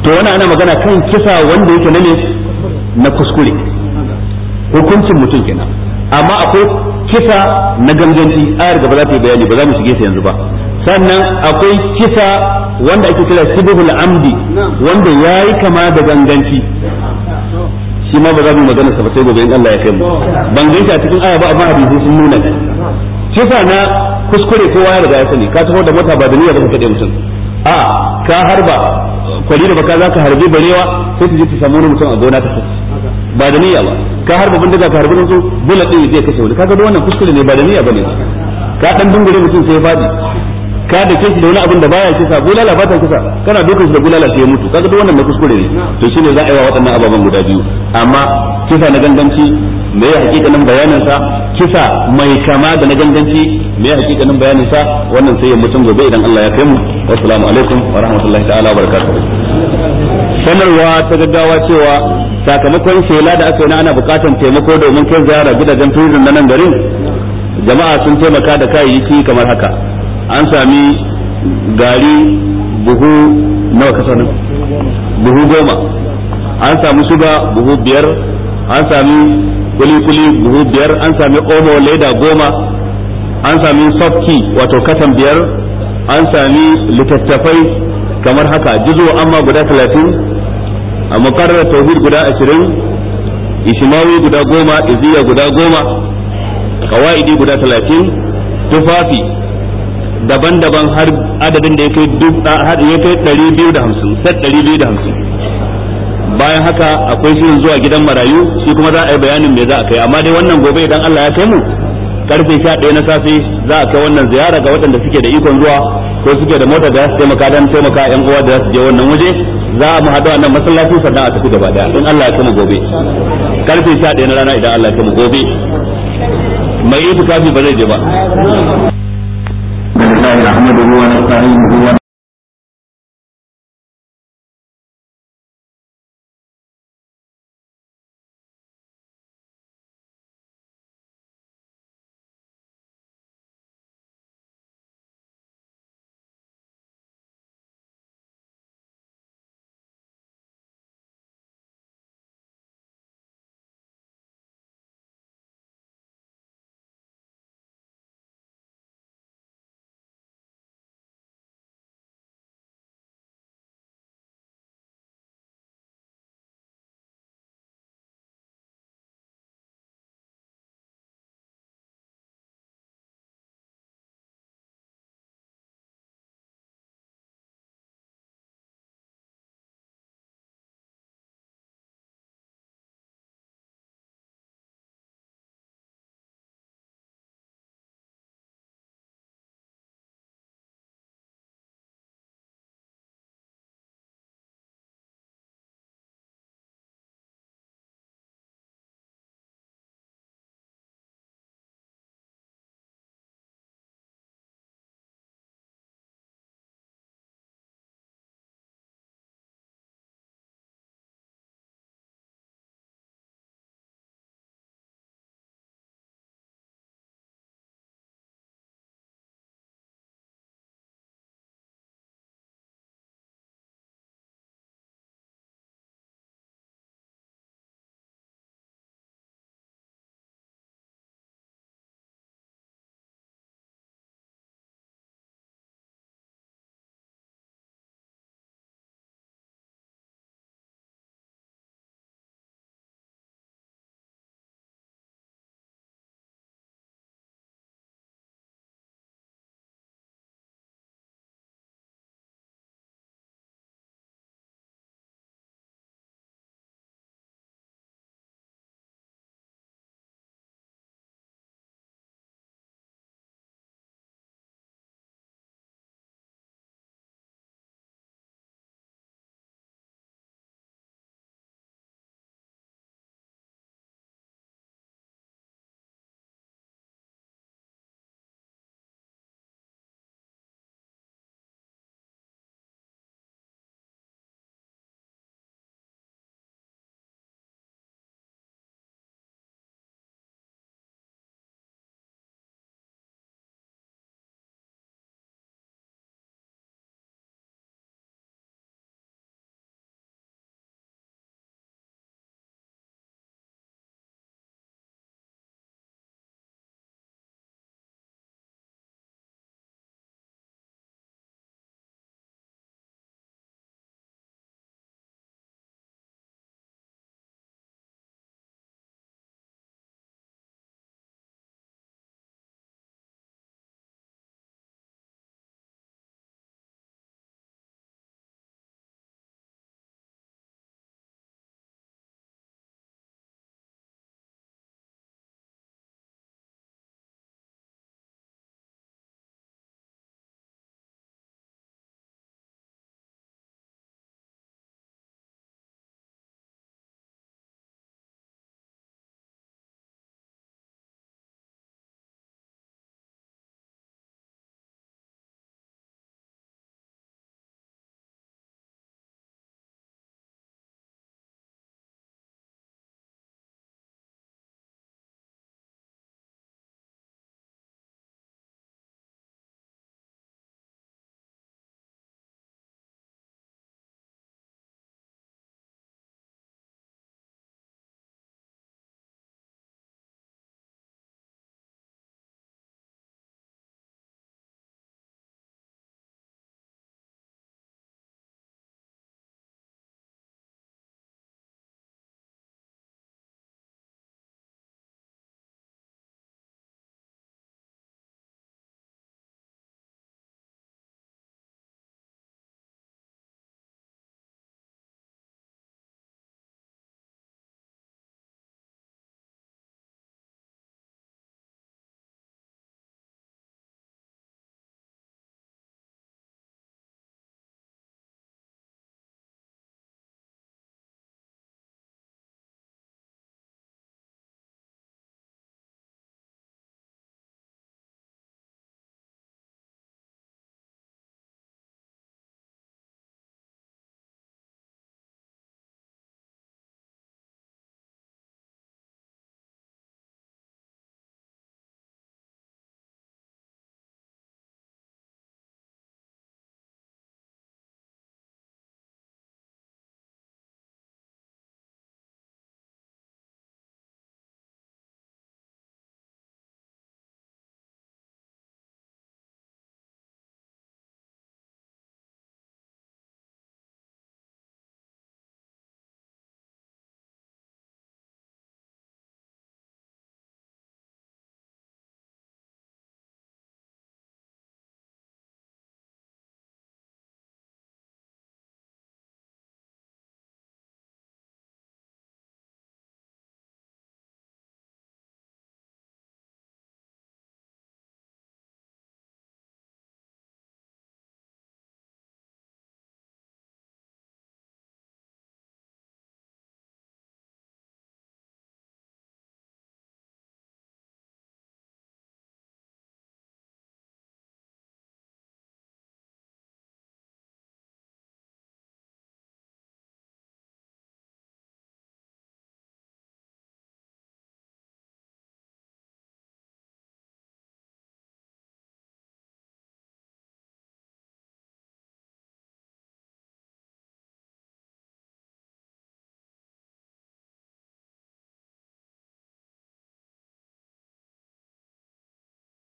to wani ana magana kan kisa wanda yake na ne na kuskure hukuncin mutum kenan amma akwai kisa na ganganci ayar gaba za ta yi bayani ba za mu shige ta yanzu ba sannan akwai kisa wanda ake kira shibhul amdi wanda ya yi kama da ganganci shi ma ba za mu magana sa ba sai gobe in Allah ya kai mu ban ganta cikin aya ba amma hadisi sun nuna kisa na kuskure kowa ya riga ya sani ka taho da mota ba da niyyar ka kade mutum a ka harba kwari da baka za ka harbi barewa sai ta je ta samu wani mutum a gona ta kace ba da niyya ba ka harba daga ka harbi mutum bullet din zai kashe wani kaga wannan kuskure ne ba da niyya bane ka ɗan dungure mutum sai ya fadi ka da kishi da wani abin da baya kisa bulala ba ta kisa kana dukan shi da bulala sai ya mutu kaga duk wannan na kuskure ne to shine za a yi wa waɗannan ababen guda biyu amma kisa na ganganci me ya nan bayanin sa kisa mai kama da na ganganci me ya nan bayanin sa wannan sai ya mutum gobe idan Allah ya kai mu assalamu alaikum wa rahmatullahi ta'ala wa barakatuh sanarwa ta gaggawa cewa sakamakon shela da aka yi na ana bukatan taimako domin kai ziyara gidajen turizm na nan garin jama'a sun taimaka da kayayyaki kamar haka an sami gari buhu nawa kasa buhu goma an sami suga buhu biyar an sami kuli-kuli buhu biyar an sami omo leda goma an sami sofki wato katan biyar an sami littattafai kamar haka jizo amma guda talatin a makarar tauhid guda ashirin ishimawi guda goma iziya guda goma kawa'idi guda talatin tufafi daban-daban har adadin da ya kai ɗari biyu da hamsin set ɗari biyu da hamsin bayan haka akwai shirin zuwa gidan marayu shi kuma za a yi bayanin me za a kai amma dai wannan gobe idan Allah ya kai mu karfe sha ɗaya na safe za a kai wannan ziyara ga waɗanda suke da ikon zuwa ko suke da mota da za su taimaka don taimaka yan uwa da su je wannan waje za a mu haɗu a nan masallaci sannan a tafi gaba ɗaya in Allah ya kai mu gobe karfe sha ɗaya na rana idan Allah ya kai mu gobe mai itikafi ba zai je ba الله احمد ونستعینه